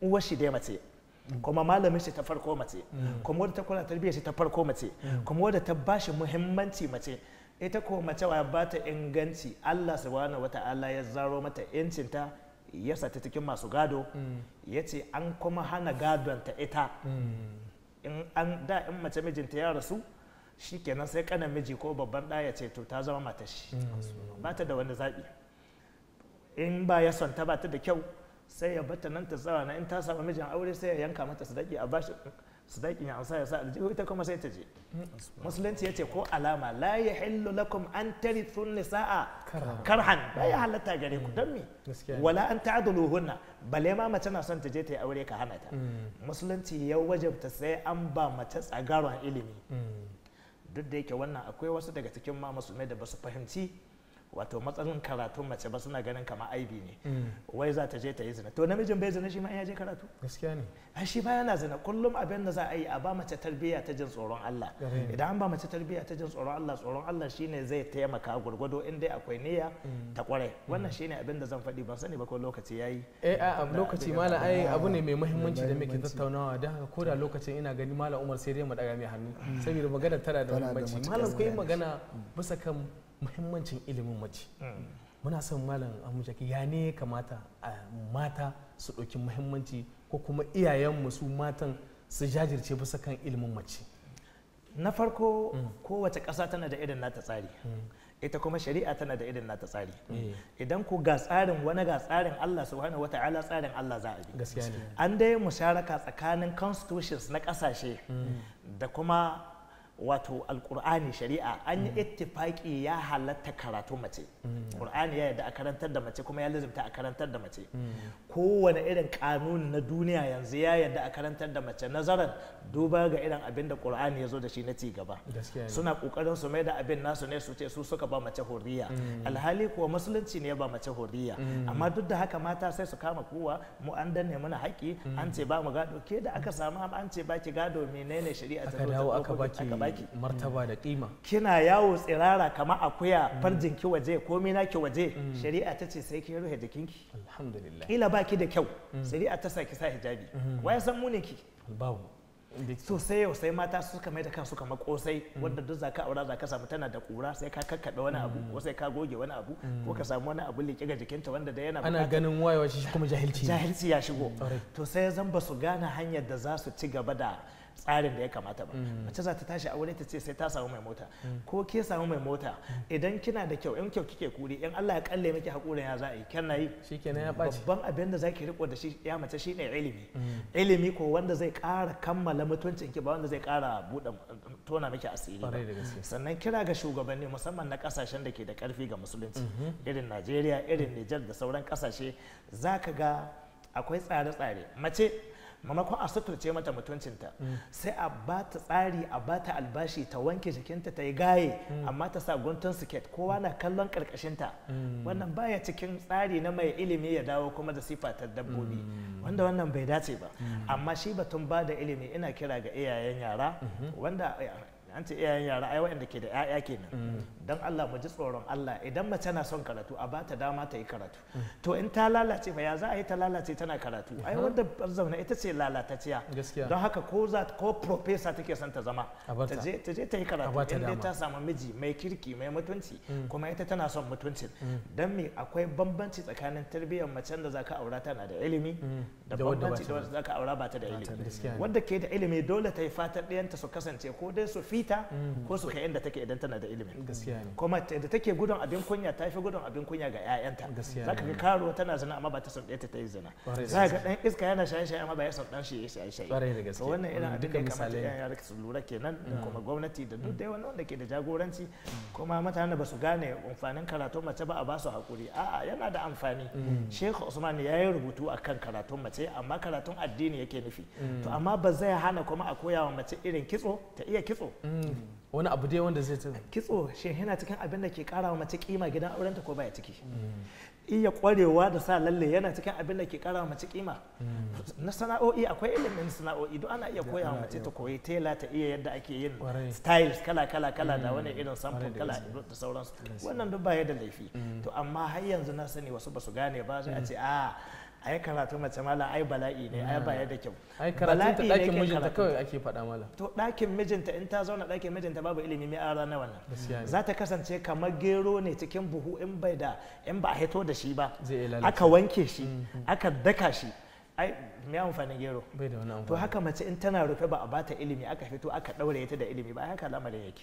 uwar shi dai mace mm. kuma malamin shi ta farko mace kuma wadda ta kula tarbiyyar shi ta farko mace kuma wadda ta bashi muhimmanci mace ita ko mace wa ba ta inganci Allah subhanahu wata'ala ya zaro mata yancinta ya sata cikin masu gado ya ce an kuma hana gadonta ita in an da in mace mijinta ya rasu shi kenan sai kanan miji ko babban ɗa ya ce to ta zama matar shi mm. ba ta da wani zaɓi in ba ya son ta ba ta da kyau sai ya bata nan ta tsawa na in ta samu mijin aure sai ya yanka mata sadaki a bashi sadaki ya amsa ya sa aljihu ita kuma sai ta je mm. musulunci ya ce ko alama la ya hillu lakum an sun nisa'a karhan ba ya mm. halatta gare ku don me wala an ta'dulu hunna bale ma mace na son ta je ta yi aure ka hana ta musulunci ya wajabta sai an ba mace tsagaron ilimi duk da yake wannan akwai wasu daga cikin ma musulmai da ba su fahimci wato matsalin karatu mace ba suna ganin kamar aibi ne mm. wai za ta je ta yi zina to namijin bai zina shi ma ya je karatu gaskiya ne a shi ba yana zina kullum abin da za a yi a ba mace tarbiyya ta jin tsoron Allah idan an ba mace tarbiyya ta jin tsoron Allah tsoron Allah shine zai taimaka gurgudo in dai akwai niyya mm. ta kware mm. wannan shine abin da zan faɗi ban sani ba ko lokaci yayi eh a lokaci malam ai abu ne mai muhimmanci da muke tattaunawa dan haka koda lokacin ina gani malam Umar sai dai mu daga mai hannu saboda magana tana da muhimmanci malam kai magana bisa kan muhimmancin ilimin mace hmm. muna son malam amurka ya ne kamata a mata su ɗauki muhimmanci ko kuma iyayenmu su matan su jajirce bisa kan ilimin mace na farko hmm. kowace ƙasa tana da irin nata tsari hmm. ita kuma shari'a tana da irin nata tsari eh. idan ku ga tsarin wani ga tsarin Allah subhanahu wata'ala tsarin Allah za a bi an dai musharaka tsakanin constitutions na ƙasashe da kuma wato alkur'ani shari'a an yi ittifaki ya halatta karatu mace qur'ani ya yadda a karantar da mace kuma ya lazimta a karantar da mace kowane irin kanuni na duniya yanzu ya yadda a karantar da mace nazarar duba ga irin abin da qur'ani ya zo da shi na ci gaba suna kokarin su mai da abin nasu ne su ce su suka ba mace horiya mm. alhali kuwa musulunci ne ba mace horiya mm. amma duk da haka mata sai su kama kowa mu an danne mana haƙƙi an mm. ce ba mu gado ke da aka samu an ce ba ki gado menene shari'a ta zo ta naki martaba da kima kina yawo tsirara kama akuya farjin ki waje na naki waje shari'a ta ce sai ruhe jikin jikinki alhamdulillah kila baki da kyau mm. shari'a ta saki sa hijabi mm. wai san ne ki babu so sai yau sai mata suka mai da kansu kamar kosai mm. wanda duk zaka aura zaka samu tana da kura sai ka kakkaɓe wani abu ko sai ka goge wani abu ko ka samu wani abu liƙe ga jikinta wanda da yana ana ganin wayewa shi kuma jahilci jahilci ya shigo to sai zan ba su gane hanyar da za su ci gaba da tsarin da ya kamata ba mm. mace za ta tashi aure ta ce sai ta samu mai mota ko ke samu mai mota idan kina da kyau in kyau kike kuri in Allah ya kalle miki hakurin ya za a yi kyan yi shikenan ya baci babban abin da zaki riko da shi ya mace shi ne ilimi mm. ilimi ko wanda zai kara kammala mutuncin ki ba wanda zai kara buɗe tona miki asiri sannan kira ga shugabanni musamman na kasashen da ke da karfi ga musulunci mm-hmm. irin Najeriya irin Nijar da sauran kasashe zaka ga akwai tsare-tsare mace mamakon a suturce mata mutuncinta sai a ba ta tsari a ba ta albashi ta wanke jikinta ta yi gaye mm. amma ta sa guntun siket kowa na kallon karkashinta mm. wannan baya cikin tsari na mai ilimi ya dawo kuma da sifa ta dabbobi mm. wanda wannan bai dace ba amma shi batun ba da ilimi ina kira ga iyayen yara mm-hmm. wanda an ce iyayen yara ai waɗanda ke da 'ya'ya kenan mm. don Allah mu ji tsoron Allah idan mace na son karatu a bata dama ta yi karatu to in ta lalace fa ya za a yi ta lalace tana karatu ai wanda zauna ita ce lalataciya don haka ko za ko professor take son ta zama ta je ta yi karatu in dai ta samu miji mai kirki mai mutunci mm. kuma ita tana son mutuncin mm. Dan me akwai bambanci tsakanin tarbiyyar mace da zaka aura tana da ilimi da bambanci da wanda zaka aura ba da ilimi wanda ke da ilimi dole ta yi fatan ɗiyanta su kasance ko dai su fi ita mm. ko su kai inda take idan tana da ilimin kuma da take gudun abin kunya ta fi gudun abin kunya ga 'ya'yanta za ka ga karo tana zina amma ba ta son ɗaya ta yi zina za ka ga iska yana shaye shaye amma ba ya son ɗan shi ya shaye shaye to wannan irin abin da ya kamata su lura kenan mm. kuma gwamnati da duk mm. dai wani wanda ke da jagoranci kuma mutane ba su gane amfanin karatun mace ba a ba su hakuri. a'a yana da amfani shehu usman ya yi rubutu akan karatun mace amma karatun addini yake nufi to amma ba zai hana kuma a koya wa mace irin kitso ta iya kitso wani abu dai wanda zai tafi kitso shi yana cikin abin da ke karawa mace kima gidan aurenta ko baya ciki mm. iya kwarewa da sa lalle yana cikin abin da ke karawa mace kima mm. na sana'o'i akwai ilimin sana'o'i duk ana iya koyawa mace ta koyi tela ta iya yadda ake yin styles kala kala kala da mm. wani irin sample kala da sauransu wannan duk baya da laifi to amma har yanzu na sani wasu ba su gane ba sai a ce a ah, ai karatu mace mala ai bala'i ne ai baya da kyau ai karatu ta dakin mijinta kawai ake faɗa mala to dakin mijinta in ta zauna dakin mijinta babu ilimi mai ara na wannan za ta kasance kamar gero ne cikin buhu in bai da in ba a hito da shi ba aka wanke shi mm-hmm. aka daka shi ai me amfanin gero bai da wani amfani to haka mace in tana rufe ba a bata ilimi aka fito aka daure ta da ilimi ba haka lamarin yake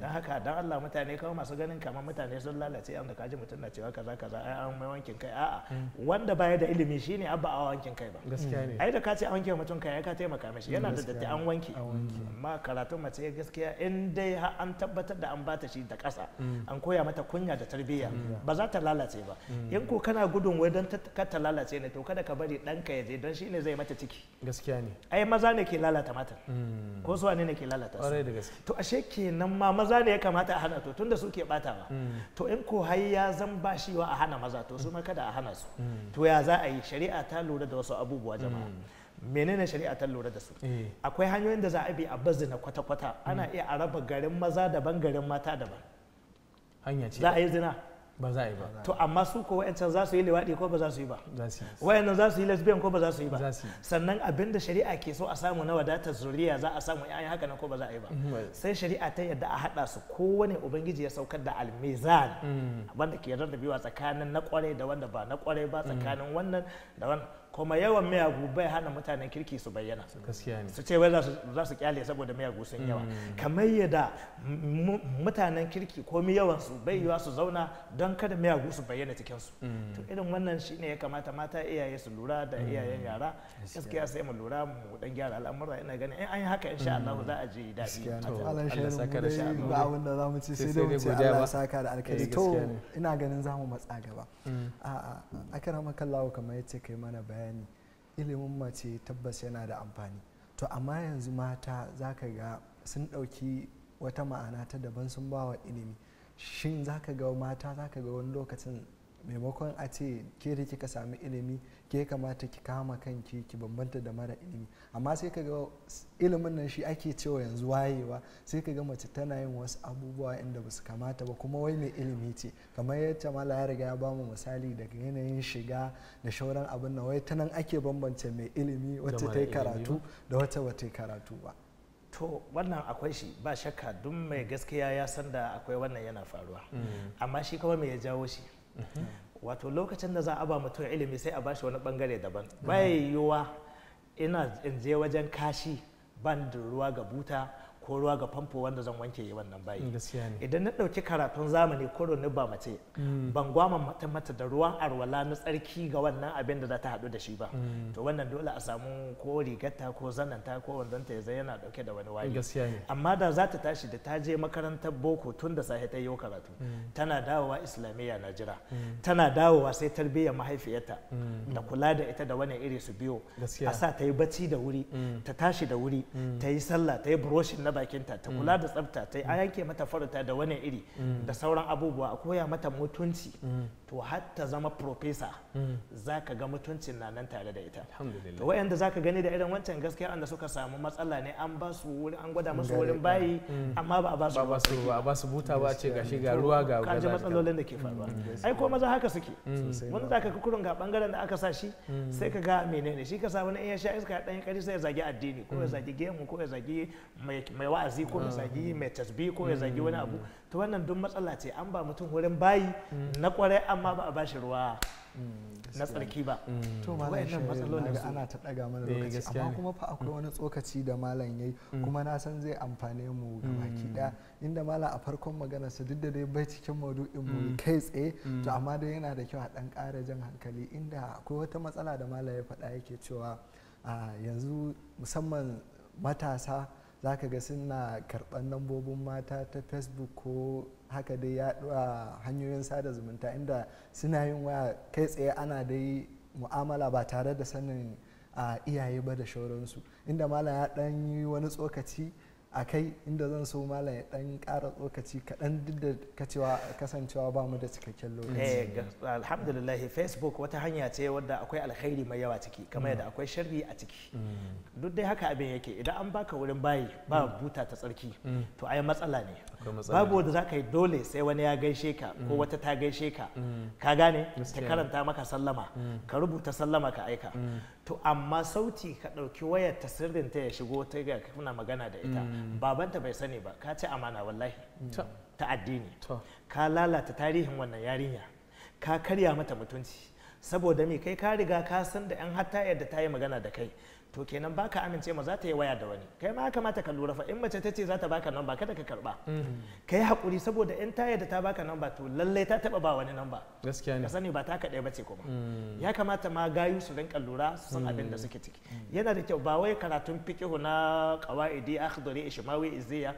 dan haka dan Allah mutane kawai masu ganin kamar mutane sun lalace an da kaji mutum na cewa kaza kaza ai an mai wankin kai a'a mm. wanda baya da ilimi shine abba a wankin kai ba gaskiya ne ai da ka ce an wanke mutum kai ka taimaka mishi yana da datti an wanke amma karatun mace gaskiya in dai har an tabbatar da an bata shi da ƙasa mm. an koya mata kunya da tarbiyya mm. ba za ta lalace ba in ko kana gudun wai dan ka ta lalace ne to kada ka bari ɗanka ya je dan shi ne zai mata ciki gaskiya ne ai maza ne ke lalata mata hmm. ko su ne ke lalata su da gaske to ashe kenan ma maza ne ya kamata a hana to tunda su ke batawa hmm. to in ko har ya zan bashiwa a hana maza to su ma kada a hana su hmm. to ya za a yi shari'a ta lura da wasu abubuwa jama'a menene shari'a ta lura da su eh. akwai hanyoyin da za a bi a bazina kwata-kwata ana iya a raba garin maza daban garin mata daban hanya ce za a yi zina ba za a yi ba to amma su ko wayancan za su yi liwaɗi ko ba za su yi ba wayannan za su yi lesbian ko ba za su yi ba sannan abinda shari'a ke so a samu na wadatar zuriya za a samu yayi haka nan ko ba za a yi ba mm-hmm. sai shari'a ta yadda a haɗa su kowane ubangiji ya saukar da almizan mm. wanda ke rarrabewa tsakanin na kwarai da wanda ba na kwarai ba tsakanin mm. wannan da wannan kuma yawan miyagu bai hana mutanen kirki su bayyana su ce wai za su kyale saboda miyagu sun yawa mm. kamar yadda mutanen kirki komi yawan su bai yiwa su zauna don kada miyagu su bayyana cikinsu mm. to irin wannan shine ya kamata mata iyaye su lura da mm. iyayen yara gaskiya sai mu lura mu dan gyara al'amura ina ganin in an yi haka insha Allah za a ji daɗi to Allah saka da shi ba abin da zamu ci sai dai mu ci Allah saka da alkhairi eh, to ina ganin zamu matsa gaba a'a akramaka Allah kamar yace kai mana bayani bayani ilimin mace tabbas yana da amfani to amma yanzu mata za ka ga sun ɗauki wata ma'ana ta daban sun ba wa ilimi shin za ka ga mata za ka ga wani lokacin maimakon a ce ke da kika sami ilimi ke kamata ki kama kanki ki bambanta da mara ilimi amma sai ka ga ilimin nan shi ake cewa yanzu wayewa sai ka ga mace tana yin wasu abubuwa inda ba su kamata ba kuma wai mai ilimi ce kamar yadda mala ya riga ya bamu misali daga yanayin shiga da shauran abin nan wai ta nan ake bambance mai ilimi wacce ta yi karatu da wacce ba ta yi karatu ba to wannan akwai shi ba shakka duk mai mm. gaskiya ya san da akwai wannan yana faruwa mm. amma shi kuma me ya jawo shi mm-hmm. wato lokacin da za a ba mutum ilimi sai a bashi wani bangare daban bai yiwuwa ina in je wajen kashi ban da ruwa ga buta ko ruwa ga famfo wanda zan wanke yi wannan bayi mm, idan na ɗauki karatun zamani ko ni ba mace mm. ban gwama mata mata da ruwan arwala na tsarki ga wannan abin da za ta haɗu da shi ba mm. to wannan dole a samu ko rigarta ko zananta ko ta ya yana ɗauke da wani wani amma da za ta tashi da ta je makarantar boko tun da safe ta yi karatu tana dawowa islamiyya na jira tana dawowa sai tarbiyyar mahaifiyarta da kula da ita da wani iri su biyo a sa ta yi bacci da wuri ta tashi da wuri ta yi sallah ta yi buroshin na bakinta ta mm. kula da tsafta ta a mm. yanke mata farata da wani iri mm. da sauran abubuwa a koya mata mutunci to har ta zama profesa za ka ga mutuncin na nan tare da ita to wayanda za ka gani da irin wancan gaskiya anda suka samu matsala ne an ba su wurin an gwada musu wurin bayi eh. amma ba a ba su ba ba su buta ba ce gashi ga ruwa ga kaji matsalolin da ke faruwa ai ko maza haka suke wanda za ka kurun ga bangaren da aka sa shi sai ka ga menene shi ka sa wani in ya sha iska dan kari sai ya zagi addini ko ya zagi gemu ko ya zagi mai wa'azi ko mai ah. mai tasbi ko ya zagi wani abu mm. to wannan duk matsala ce an ba mutum wurin bayi mm. na kwarai amma ba a bashi ruwa mm, na tsarki ba to malam matsalolin ga ana ta daga mana eh, lokaci amma kuma fa akwai wani tsokaci da malam yayi kuma na san zai amfane mu gabaki da inda malam a farkon magana su duk da dai bai cikin maudu'in mu kai tsaye to amma dai yana da kyau a dan ƙara jan hankali inda akwai wata matsala da malam ya faɗa yake cewa ah, yanzu musamman matasa za ka ga suna karɓar lambobin mata ta facebook ko haka dai yaɗuwa hanyoyin sada zumunta inda suna yin waya kai tsaye ana dai mu'amala ba tare da sanin iyaye ba da shauransu inda malam ya ɗan yi wani tsokaci a kai inda zan so malam ya dan kara tsokaci kaɗan duk da kacewa kasancewa ba mu da cikakken lokaci. Eh, alhamdulillah facebook wata hanya ce wadda akwai alkhairi mai yawa ciki kamar yadda mm. akwai sharri a ciki mm. duk dai haka abin yake idan an baka wurin bayi ba mm. buta ta tsarki to ai matsala ne babu wanda za ka yi dole sai wani ya gaishe ka ko wata ta gaishe ka ka gane ta karanta maka sallama ka rubuta sallama ka aika to amma sauti ka ɗauki wayar ta sirrin ta ya shigo ta ga kuna magana da ita mm. babanta bai sani ba ka ce amana wallahi ta addini ka lalata tarihin wannan yarinya ka karya mata mutunci saboda me kai ka riga ka san da yan hatta yadda ta yi magana da kai to kenan baka amince ma za ta yi waya da wani kai ma kamata ka lura fa in mace ta ce za ta baka namba kada ka karba ka yi hakuri saboda in ta yadda ta baka namba to lallai ta taba ba wani namba gaskiya ne ka sani ba ta kaɗai ba ce kuma mm. ya kamata ma gayu su rinka lura su san abin da mm. suke ciki yana da kyau ba wai karatun fiƙihu na qawaidi akhdari ishmawi iziya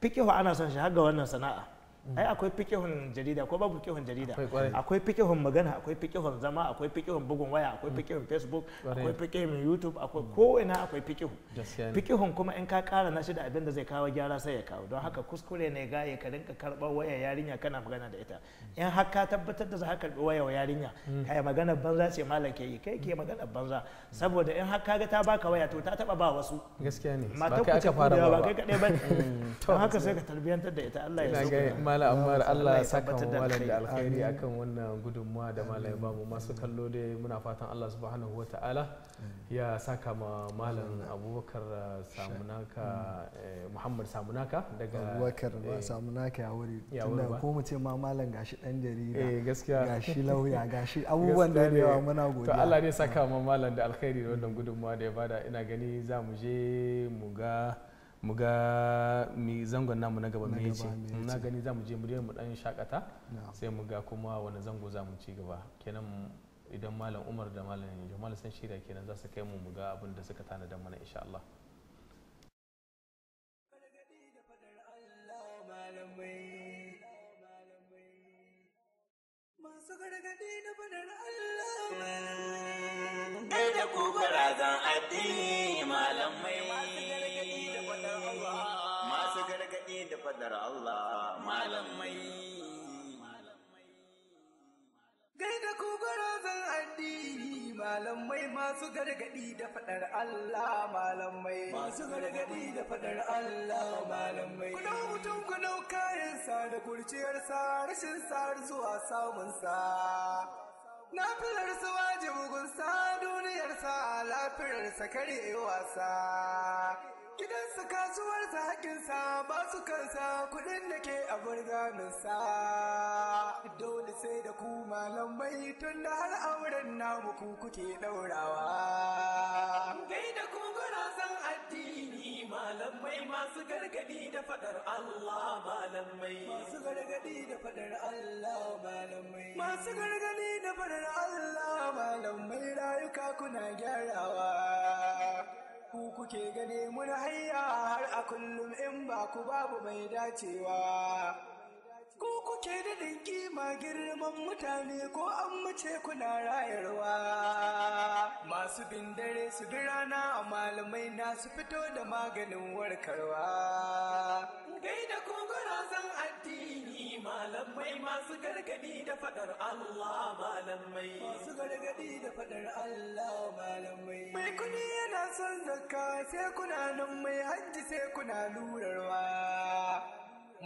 fiƙihu ana son shi har ga wannan sana'a ai akwai fikihun jarida ko babu fikihun jarida akwai fikihun magana akwai fikihun zama akwai fikihun bugun waya akwai mm. fikihun facebook akwai fikihun youtube akwai ina akwai fikihu fikihun kuma in ka kara na shi da abin da zai kawo gyara sai ya kawo don haka mm. kuskure ne gaye ka rinka karɓar waya yarinya kana magana da ita in har ka tabbatar da za ka karɓi waya yarinya mm. kai magana banza ce malam ke yi kai ke magana banza saboda in har ga ta baka waya to ta taba ba wasu gaskiya ne ba kai aka fara ba kai kadai ba to haka sai ka tarbiyantar da ita Allah ya so malam ammar allah ya saka mu malam da alkhairi akan wannan gudunmuwa da malam ya bamu masu kallo da muna fatan allah subhanahu ta'ala ya saka ma malam abubakar uh, samunaka eh, muhammad samunaka daga abubakar ba eh, samunaka ya wuri tunda ko mu ce ma malam gashi dan jarida eh, gashi lauya gashi abubuwan da ne muna godiya to allah ne saka ma malam da alkhairi wannan gudunmuwa da ya bada ina gani za mu je mu ga mu ga mi zangon namu na gaba mai ce na gani za mu je mu mu dan shakata sai mu ga kuma wani zango za mu ci gaba kenan idan malam umar da malam jamal san shirya kenan za su kai mu mu ga abin da suka tanada mana insha Allah masu gargadi da fadar Allah kai da ku barazan addini malamai fadar Allah malamai. Gaida ku zan addini malamai masu gargadi da fadar Allah malamai. Masu gargadi da fadar Allah malamai. Ku dau mutum ku kayan kayansa da sa rashin sa zuwa sa, Na filar su waje bugun sa duniyarsa sa kare wasa. Gidan su kasuwar kasuwarsa hakinsa ba su kansa kuɗin da ke a burganinsa. Dole sai da ku malamai tun da har auren namu ku kuke ɗaurawa. Gai da ku san addini malamai masu gargadi da fadar Allah malamai. Masu gargadi da fadar Allah malamai. Masu gargadi da fadar Allah malamai rayuka kuna gyarawa. ku kuke gane mun hayya har a kullum in ba ku babu mai dacewa. Ku kuke daɗin kima girman mutane ko an mace kuna rayarwa. Masu bin dare su bi rana a malamai na su fito da maganin warkarwa. Gai da ku addini. malamai masu gargadi da fadar Allah malamai masu gargadi da fadar Allah malamai mai kuni yana son zakka sai kuna nan mai hajji sai kuna lurarwa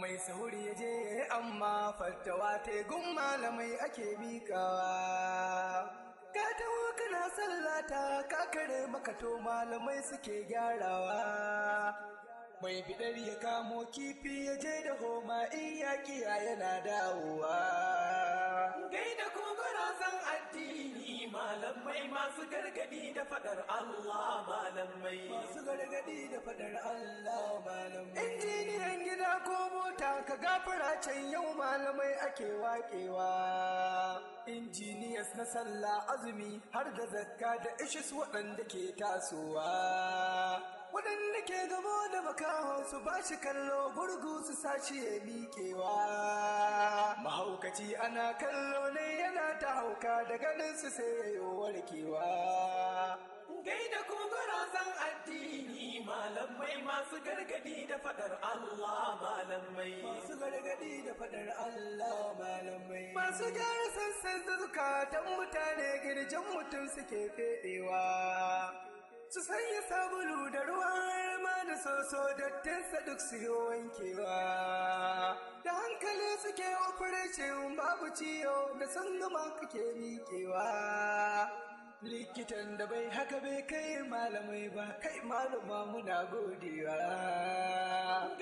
mai sauri ya je amma fattawa ta gun malamai ake mikawa ka taho kana sallata ka kare maka to malamai suke gyarawa mai bidar ya kamo kifi ya je da homa in ya kiya yana dawowa gaida ko san addini malamai masu gargadi da fadar Allah malamai masu gargadi da fadar Allah malamai injiniyan gida ko mota ka gafara can yau malamai ake wakewa injiniyas na sallah azumi har da zakka da ishis waɗanda ke tasowa waɗanda ke gamo da makaho su ba shi kallo gurgu su sashi ya miƙewa mahaukaci ana kallo ne yana ta hauka da ganin su sai ya yi warkewa da ku zan addini malamai masu gargadi da fadar Allah malamai masu gargadi da fadar Allah malamai masu gyara sassan zukatan mutane girjan mutum suke fedewa su sanya sabulu da ruwa ma da soso dattinsa duk su yi wankewa da hankali suke operation babu ciwo, da sun gama kake miƙewa likitan da bai haka bai kai malamai ba kai malama muna godewa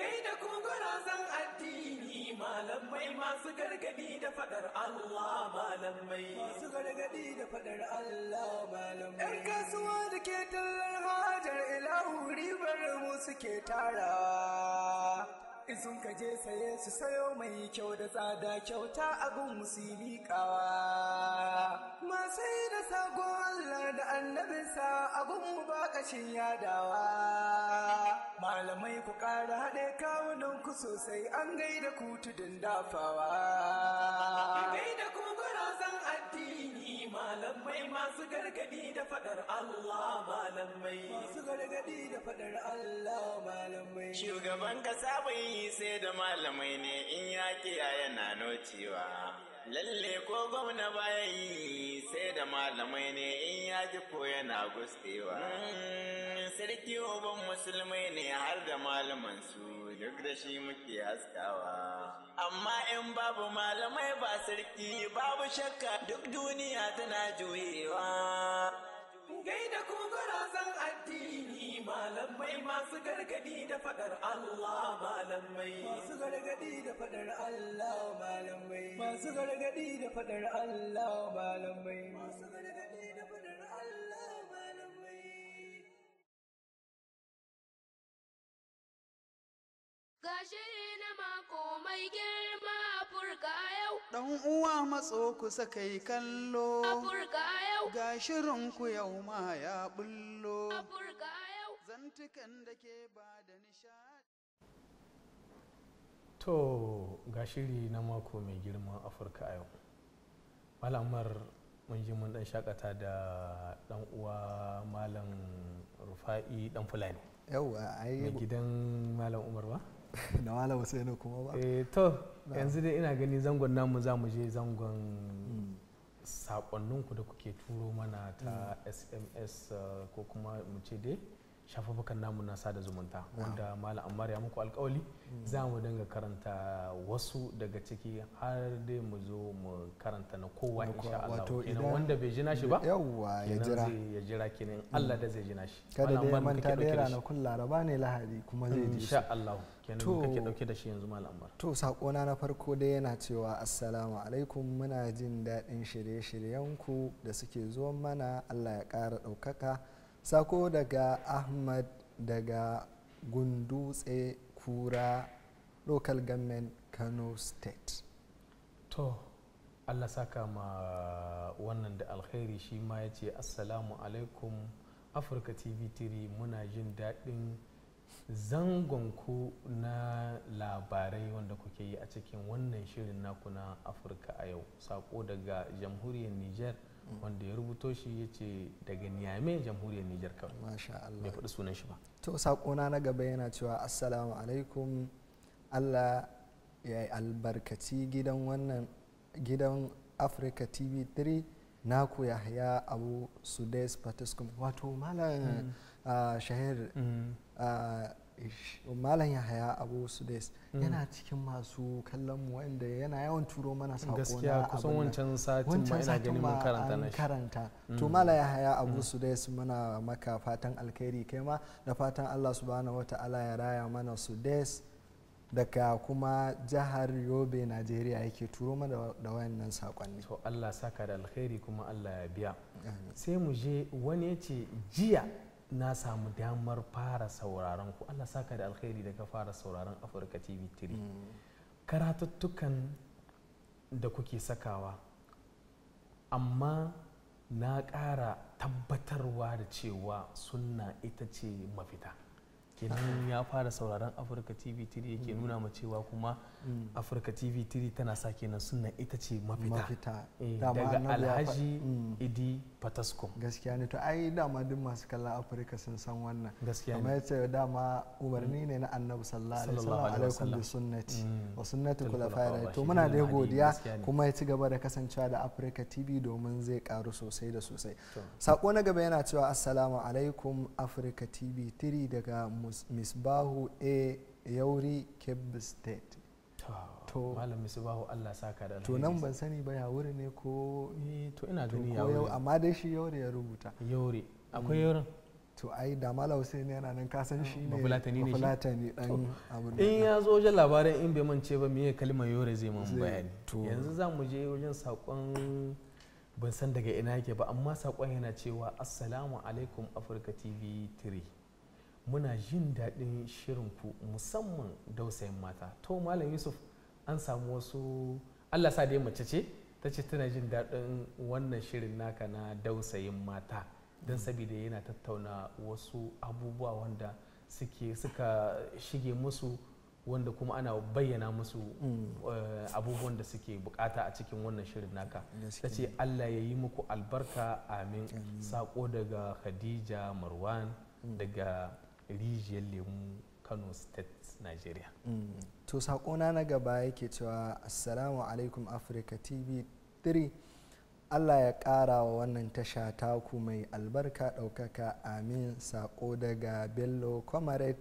Kai da zan addini malamai masu gargadi da fadar Allah malamai masu gargadi da fadar Allah malamai yan kasuwa da ke tallar hajar ilahu ribar mu suke tarawa in sun je saye su sayo mai kyau da tsada kyauta a gun musulmi kawa sai da sago Allah da annabinsa a gun mu bakashin yadawa malamai ku ƙara haɗe kawunan ku sosai an gaida ku tudun dafawa gaida ku mai masu gargadi da fadar Allah malamai masu gargadi da fadar Allah malamai shugaban kasa bai sai da malamai ne in ya kiya yana nocewa lalle ko gwamna baya yi sai da malamai ne in ya ji ko yana gustewa hmm, sarki uban musulmai ne har da malaman su duk da shi muke haskawa amma in babu malamai ba sarki babu shakka duk duniya tana juyewa Gai ku zan addini malamai masu gargadi da fadar Allah malamai masu gargadi da fadar Allah malamai masu gargadi da fadar Allah malamai masu gargadi da fadar Allah malamai gashiri na mako mai girma furka yau. Ɗan uwa matso kusa kai kallo. furka yau. Ga shirinku yau ma ya bullo. furka yau. Zantukan da ke ba da nishaɗi. To gashiri shiri na mako mai girma furka yau. Malamar mun ji mun ɗan shakata da ɗan uwa malam rufa'i ɗan fulani. Mai gidan malam Umar ba? na wala wasu yana kuma ba eh, to yanzu dai ina gani zangon namu za mu je zangon sakonninku da kuke turo mana ta sms mm. eh, ko kuma mu ce dai shafafukan namu na sada zumunta wanda malam ammar ya muku alkawali mm. za mu dinga karanta wasu daga ciki har dai mu zo mu karanta na kowa insha Allah wanda bai jina shi ba yawwa ya jira ya jira kenan Allah da zai jina shi kada dai manta da ranakun laraba ne lahadi kuma zai ji insha Allah kenan kake dauke da shi yanzu malam ammar to sakona na farko dai yana cewa assalamu alaikum muna jin dadin shirye-shiryenku da suke zuwa mana Allah ya kara ɗaukaka sako daga ahmad daga gundutse kura local government kano state to allah saka ma wannan da alkhairi shi ma ya ce assalamu alaikum afirka tv 3 muna jin daɗin zangonku na labarai wanda kuke yi a cikin wannan shirin naku na afirka a yau sako daga jamhuriyar niger Mm. wanda ya rubuto shi ya ce daga niyame jamhuriyar nijar kawai masha Allah bai faɗi sunan shi ba to saƙona na gaba yana cewa assalamu alaikum Allah ya yi albarkaci gidan wannan gidan Africa TV 3 naku Yahya Abu Sudes Patiskum wato malam mm. ah, shahir mm. ah, Oh, malam yahaya abu sudais mm. yana cikin masu kallon mu wanda yana yawan turo mana sako na gaskiya kusan wancan satin ma ina ganin mun karanta na karanta to mm. malam haya abu mm. sudais muna maka fatan alkhairi kai ma da fatan Allah subhanahu wataala ya raya mana sudais daga kuma jihar yobe najeriya yake turo mana da wayannan sakonni to Allah saka da alkhairi kuma Allah ya biya sai mu je wani yace jiya na samu damar fara sauraron ku Allah saka da alkhairi daga fara sauraron Afirka TV 3 karatuttukan da kuke sakawa amma na ƙara tabbatarwa da cewa sunna ita ce mafita kenan ya fara sauraron Afirka TV 3 yake nuna ma cewa kuma Mm. afirka tv 3 tana sa kenan sunna ita ce mafita eh, daga alhaji mm. idi fataskom gaskiya ne to ai dama duk masu kallon afirka sun san wannan gaskiya ne kamar yace dama umarni mm. ne na annabi sallallahu alaihi wasallam sunnati wa sunnati khulafa'ir to muna da godiya kuma ya ci gaba da kasancewa da afirka tv domin zai karu sosai da sosai sako na gaba yana cewa assalamu alaikum afirka tv 3 daga misbahu a yauri kebbi state to malam bahu Allah saka da to nan ban sani ba ya wuri ne ko eh, to ina gani ya wuri amma dai shi yauri ya rubuta yauri akwai mm. yauren to ai da mala hussein yana nan kasan shi ne mafulatani ne mafulatani dan abun in ya zo wajen labarin in bai mance ba me kalmar yore zai mun bayani yanzu za mu je wajen sakon ban san daga ina yake ba amma sakon yana cewa assalamu alaikum africa tv 3 muna jin daɗin shirin ku musamman dausayin mata to malam yusuf an samu wasu allah sa dai mace ce ta ce tana jin daɗin wannan shirin naka na dausayin mata don mm. saboda yana tattauna wasu abubuwa wanda suke suka shige musu wanda kuma ana bayyana musu mm. eh, abubuwan da suke bukata a cikin wannan shirin naka ta ce allah ya yi muku albarka amin saƙo daga khadija marwan mm. daga rijiyar lemu kano state nigeria mm. to saƙona na gaba yake cewa assalamu alaikum africa tv 3 allah ya ƙara wa wannan tasha taku mai albarka ɗaukaka amin saƙo daga bello comrade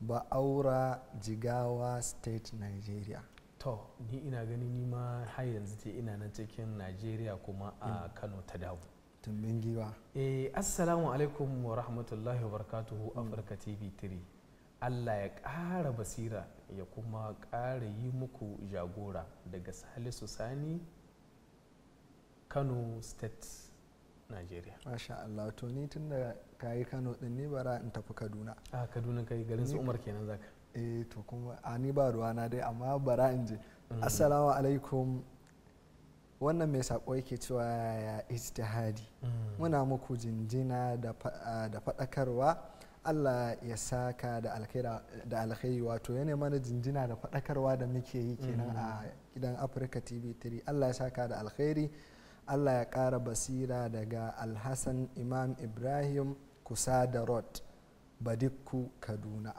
ba'aura jigawa state nigeria to ni ina gani ni ma har yanzu ce ina nan cikin nigeria kuma a mm. kano ta dawo tumbin giwa eh assalamu alaikum wa rahmatullahi wa barakatuhu mm. afirka tv 3 allah ya ƙara basira ya kuma ƙara yi muku jagora daga salisu sani kano state nigeria masha allah to ni tun da ka yi kano din ni bara in tafi kaduna a kaduna kai garin su umar kenan zaka eh to kuma a ni ba ruwana dai amma bara in je mm. assalamu alaikum wannan mai sako yake cewa ya ijtihadi mm. muna muku jinjina da faɗakarwa allah ya saka da alkhairi wato yana mana jinjina da faɗakarwa da muke yi mm. kenan a gidan afirka tv 3 allah ya saka da alkhairi allah ya ƙara basira daga alhassan imam ibrahim kusa da rod badikku kaduna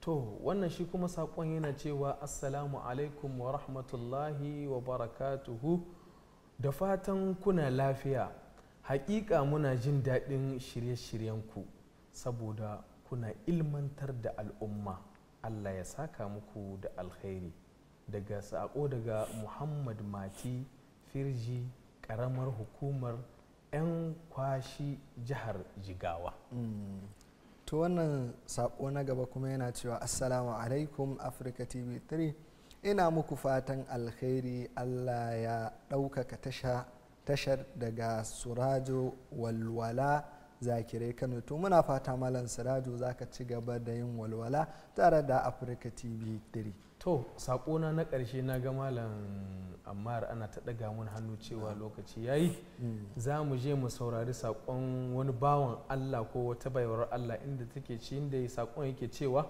to wannan shi kuma saƙon yana cewa assalamu alaikum wa rahmatullahi wa barakatuhu da fatan kuna lafiya hakika muna jin daɗin shirye-shiryenku saboda kuna ilmantar da al'umma allah ya saka muku da alkhairi daga sako daga muhammad mati firji ƙaramar hukumar 'yan kwashi jihar jigawa mm. to wannan sako na gaba kuma yana cewa assalamu alaikum africa tv 3 ina muku fatan alkhairi allah ya ɗaukaka tashar daga surajo walwala zakirai kano to muna fata malam surajo za ka ci gaba da yin walwala tare da afirka tv 3 to saƙona na ƙarshe na ga malam ammar ana ta ɗaga mun hannu cewa lokaci ya yi mm. za mu je mu saurari saƙon wani bawan allah ko wata baiwar allah inda take ci inda saƙon yake cewa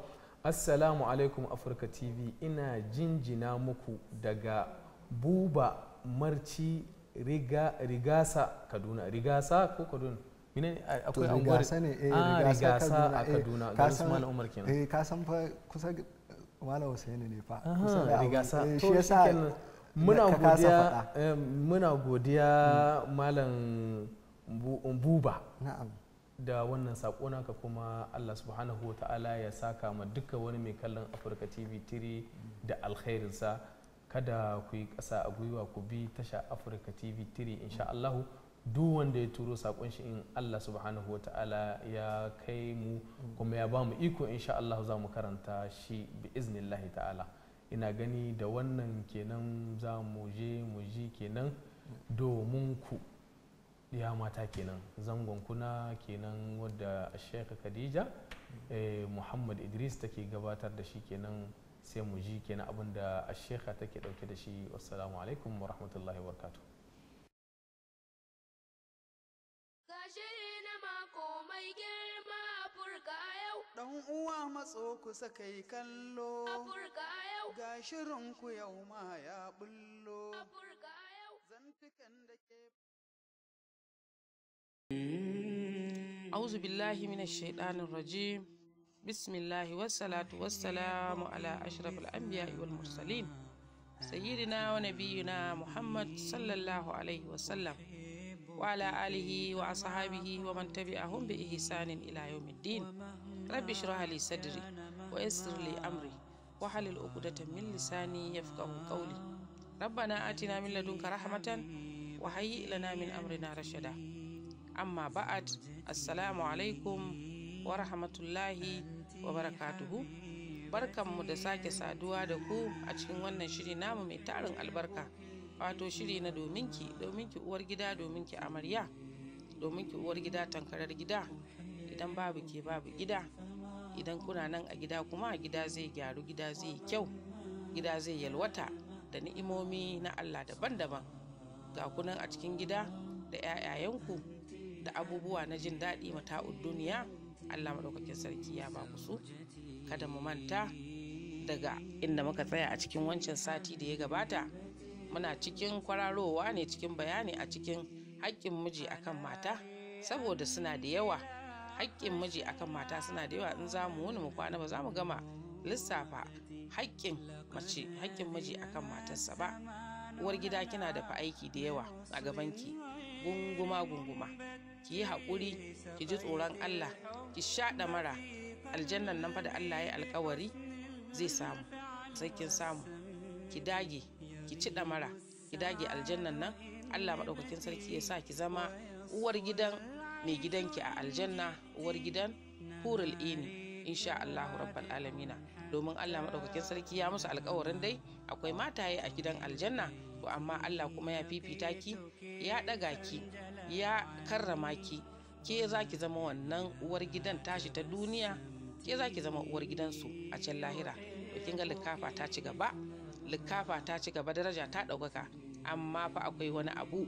assalamu alaikum afirka tv ina jinjina muku daga buba marci riga, rigasa kaduna rigasa ko kaduna mine akwai anguwar rigasa ne eh ah, rigasa a kaduna eh. ga usman umar kenan eh ka san fa kusa malam husaini ne fa kusa da rigasa eh, shi yasa eh, muna godiya muna mm. godiya malam buba na'am da wannan sako naka kuma Allah subhanahu ta'ala ya saka ma duka wani mai kallon Afirka TV 3 da sa kada ku yi ƙasa a gwiwa ku bi tasha Afirka TV 3 insha Allahu duk wanda ya turo sakon shi in Allah subhanahu ta'ala ya kai mu kuma ya ba mu iko insha Allahu za mu karanta shi bi iznillahi ta'ala ina gani da wannan kenan za mu je mu ji kenan domin ku ya mata kenan zangon kuna kenan wadda shekha khadija eh, muhammad idris take gabatar da shi kenan sai mu ji kenan abin da shekha take dauke da shi wassalamu alaikum wa rahmatullahi wa barakatuh Ɗan uwa matso ku kai kallo, ga shirin ku yau ma ya bullo, zantukan da ke auzu billahi minash shaitanir rajim bismillahi wassalatu wassalamu ala ashrafil anbiya wal mursalin sayyidina wa nabiyyina muhammad sallallahu alaihi wasallam wa ala alihi wa ashabihi wa man tabi'ahum bi ihsanin ila yawmiddin rabbi shrah li sadri wa yassir li amri wa hal al min lisani yafqahu qawli ربنا آتنا من لدنك رحمة وهيئ لنا من أمرنا رشدا amma ba'ad assalamu alaikum wa rahmatullahi wa barakatuhu barkanmu da sake saduwa da ku a cikin wannan shiri namu mai tarin albarka wato shiri na dominki dominki uwar gida dominki amarya dominki uwar gida tankarar gida idan babu ke babu gida idan kuna nan a gida kuma gida zai gyaru gida zai kyau gida zai yalwata da ni'imomi na allah daban-daban ga kunan a cikin gida da 'ya'yayanku da abubuwa na jin daɗi mata'ud duniya Allah maɗaukakin sarki ya ba ku su kada mu manta daga inda muka tsaya a cikin wancan sati da ya gabata muna cikin kwararowa ne cikin bayani a cikin haƙƙin miji akan mata saboda suna da yawa haƙƙin miji akan mata suna da yawa in za mu wuni mu kwana ba za mu gama lissafa haƙƙin mace haƙƙin miji akan matarsa ba uwar gida kina da fa aiki da yawa a gabanki gunguma-gunguma ki yi haƙuri ki ji tsoron Allah ki shaɗa mara aljannan nan fa da Allah ya alkawari zai samu sai kin samu ki dage ki ci ɗamara ki dage aljannan nan Allah maɗaukakin sarki ya sa ki zama uwar gidan mai gidanki a aljanna uwar gidan hurul ini insha Allah rabbal alamina domin Allah maɗaukakin sarki ya musu alkawarin dai akwai mataye a gidan aljanna ku amma Allah kuma ya fifita ki ya ɗaga ki ya karrama ki ke za ki zama wannan uwar gidan tashi ta duniya ke za ki zama uwar gidansu a can lahira to kin ga likafa ta ci gaba likafa ta ci gaba daraja ta ɗaukaka amma fa akwai wani abu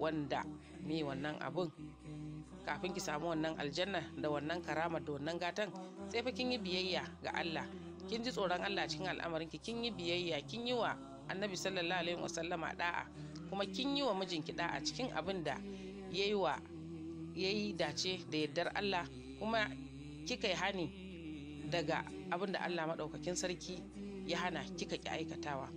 wanda me wannan abun kafin ki samu wannan aljanna da wannan karama da wannan gatan sai fa kin yi biyayya ga Allah kin ji tsoron Allah cikin al'amarin ki kin yi biyayya kin yi wa annabi sallallahu alaihi wasallama da'a kuma kin yi wa mijinki da'a cikin abin da ya yi wa ya dace da yardar Allah kuma kika yi hani daga abin da Allah maɗaukakin sarki ya hana kika ki aikatawa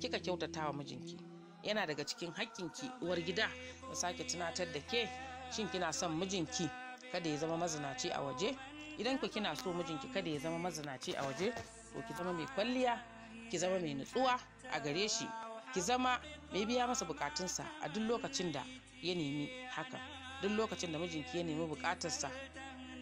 kika kyautatawa mijinki yana daga cikin hakkinki uwar gida da sake tunatar da ke shin kina son mijinki kada ya zama mazinaci a waje idan ku kina so mijinki kada ya zama mazinaci a waje ko ki zama mai kwalliya ki zama mai nutsuwa a gare shi ki zama mai biya masa bukatunsa a duk lokacin da ya nemi haka duk lokacin da mijinki ya nemi bukatarsa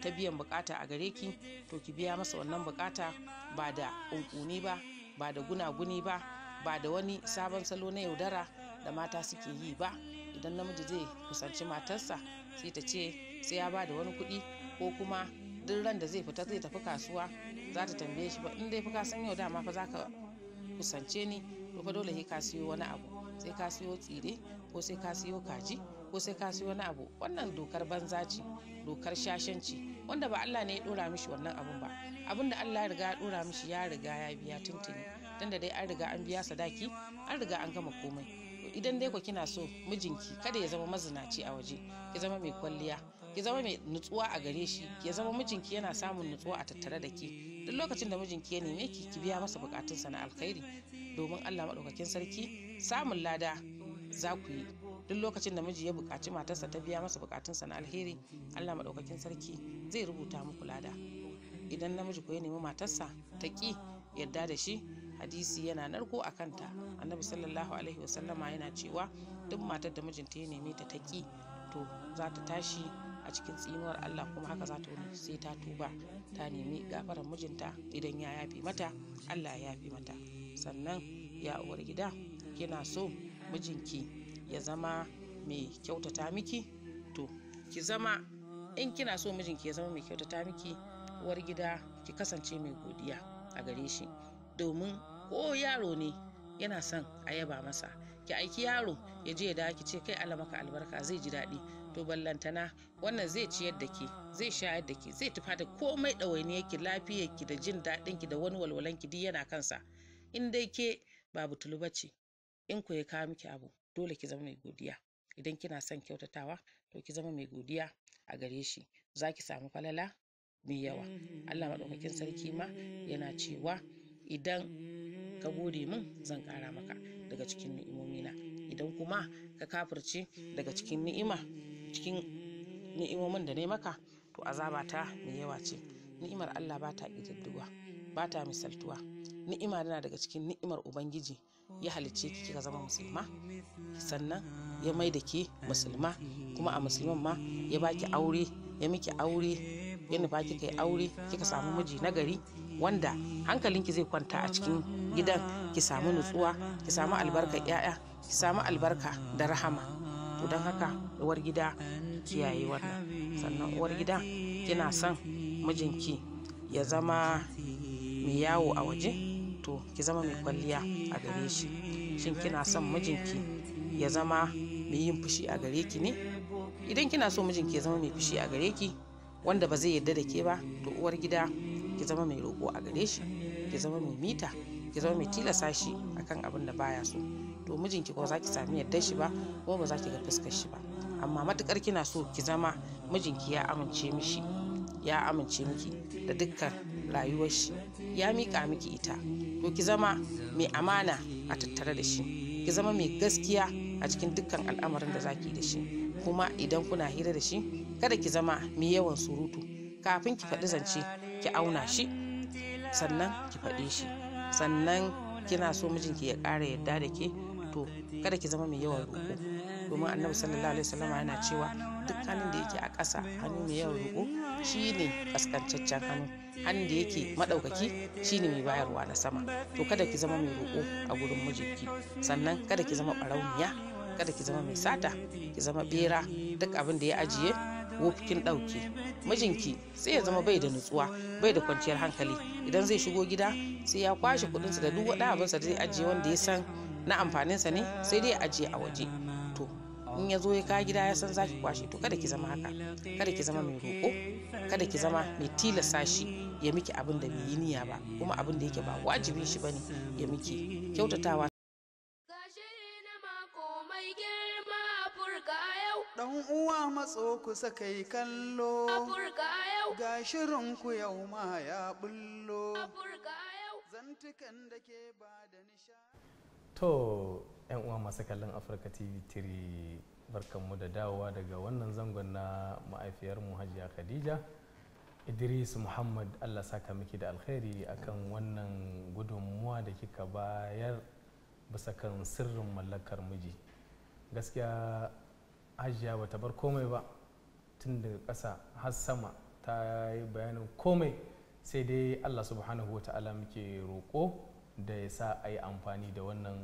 ta biyan bukata a gare ki to ki biya masa wannan bukata ba da unkuni ba ba da gunaguni ba ba da wani sabon salo na yaudara da mata suke yi ba idan namiji zai kusanci matarsa sai ta ce sai ya ba da wani kuɗi ko kuma duk ran da zai fita zai tafi kasuwa za ta tambaye shi ba in dai fi ka san yau dama fa za ka kusance ni to fa dole ka siyo wani abu sai ka siyo tsire ko sai ka siyo kaji ko sai ka siyo wani abu wannan dokar banza ce dokar shashanci wanda ba Allah ne ya dora mishi wannan abun ba abin da Allah ya riga ya dora mishi ya riga ya biya tuntuni tunda dai an riga an biya sadaki an riga an gama komai idan dai ku kina so mijinki kada ya zama mazinaci a waje ki zama mai kwalliya ki zama mai nutsuwa a gare shi ya zama mijinki yana samun nutsuwa a tattare da ke duk lokacin da mijinki ya neme ki ki biya masa bukatunsa na alkhairi domin Allah maɗaukakin sarki samun lada za ku yi duk lokacin da miji ya bukaci matarsa ta biya masa bukatunsa na alheri Allah maɗaukakin sarki zai rubuta muku lada idan namiji ko ya nemi matarsa ta ƙi yarda da shi hadisi yana narko a kanta annabi sallallahu alaihi wasallama yana cewa duk matar da mijinta ya neme ta ta ƙi to za ta tashi a cikin tsinuwar Allah kuma haka za ta wuni sai ta tuba ta nemi gafarar mijinta idan ya yafe mata Allah ya yafe mata sannan ya uwar gida kina so mijinki ya zama mai kyautata miki to ki zama in kina so mijinki ya zama mai kyautata miki uwar gida ki kasance mai godiya a gare shi domin ko yaro ne yana son a yaba masa ki aiki yaro ya je ya dawo ki ce kai Allah maka albarka zai ji daɗi to ballantana wannan zai ci da ke zai shayar da ke zai tufa da komai ɗawaini yake lafiyar da jin daɗin ki da wani walwalan ki duk yana kansa in dai ke ba butulu bace in ku ya kawo miki abu dole ki zama mai godiya idan kina son kyautatawa to ki zama mai godiya a gare shi za ki samu falala mai yawa Allah maɗaukakin sarki ma yana cewa idan ka gode min zan ƙara maka daga cikin ni'imomina idan kuma ka kafirce daga cikin ni'ima cikin ni'imomin da ne maka to azaba ta mai yawa ce ni'imar Allah ba ta ƙididdiwa ba ta misaltuwa ni'ima tana daga cikin ni'imar ubangiji ya halicce ki kika zama musulma sannan ya mai da ke musulma kuma a musulman ma ya baki aure ya miki aure ya nufa kika yi aure kika samu miji nagari wanda hankalinki zai kwanta a cikin gidan ki samu nutsuwa ki samu albarka 'ya'ya ki samu albarka da rahama to don haka uwar gida kiyaye wannan sannan uwar gida kina son mijinki ya zama mai yawo a waje to ki zama mai kwalliya a gare shi shin kina son mijinki ya zama mai yin fushi a gare ki ne idan kina so mijinki ya zama mai fushi a gare ki wanda ba zai yarda da ke ba to uwar gida ki zama mai roƙo a gare shi ki zama mai mita ki zama mai tilasa shi akan abin da baya so to mijinki ko za ki sami yardar shi ba ko ba za ki ga fuskar shi ba amma matukar kina so ki zama mijinki ya amince mishi ya amince miki da dukkan rayuwar shi ya mika miki ita to ki zama mai amana a tattare da shi ki zama mai gaskiya a cikin dukkan al'amarin da zaki da shi kuma idan kuna hira da shi kada ki zama mai yawan surutu kafin ki faɗi zance ki auna shi sannan ki faɗi shi sannan kina so mijinki ya ƙara yarda da ke to kada ki zama mai yawan roƙo domin annabi sallallahu alaihi wasallam yana cewa duk hannun da yake a ƙasa hannu mai yawan roƙo shine kaskancaccen hannu hannun da yake shi ne mai bayarwa na sama to kada ki zama mai roƙo a gurin mijinki sannan kada ki zama barauniya kada ki zama mai sata ki zama bera duk abin da ya ajiye wofkin ɗauke mijinki sai ya zama bai da nutsuwa bai da kwanciyar hankali idan zai shigo gida sai ya kwashe kuɗinsa da duk wani zai ajiye wanda ya san na amfaninsa ne sai dai ajiye a waje to in ya zo ya ka gida ya san zaki kwashe to kada ki zama haka kada ki zama mai roƙo kada ki zama mai tilasa shi ya miki abin da bai yi niyya ba kuma abin da yake ba wajibi shi bane ya miki kyautatawa ɗan uwa matso ku sakai kallo, ga shirin ku yau ma ya bullo, zantukan da ke ba da ni. To, 'yan uwa masu kallon Afirka TV 3 barkanmu da dawowa daga wannan zangon na ma'aifiyarmu Hajiya Khadija. Idris Muhammad Allah saka miki da alkhairi akan wannan gudunmuwa da kika bayar bisa kan sirrin mallakar miji. Gaskiya Hajiya bata bar komai ba tun daga ƙasa har sama ta yi bayanin komai sai dai Allah subhanahu wa ta'ala muke roƙo da ya sa a yi amfani da wannan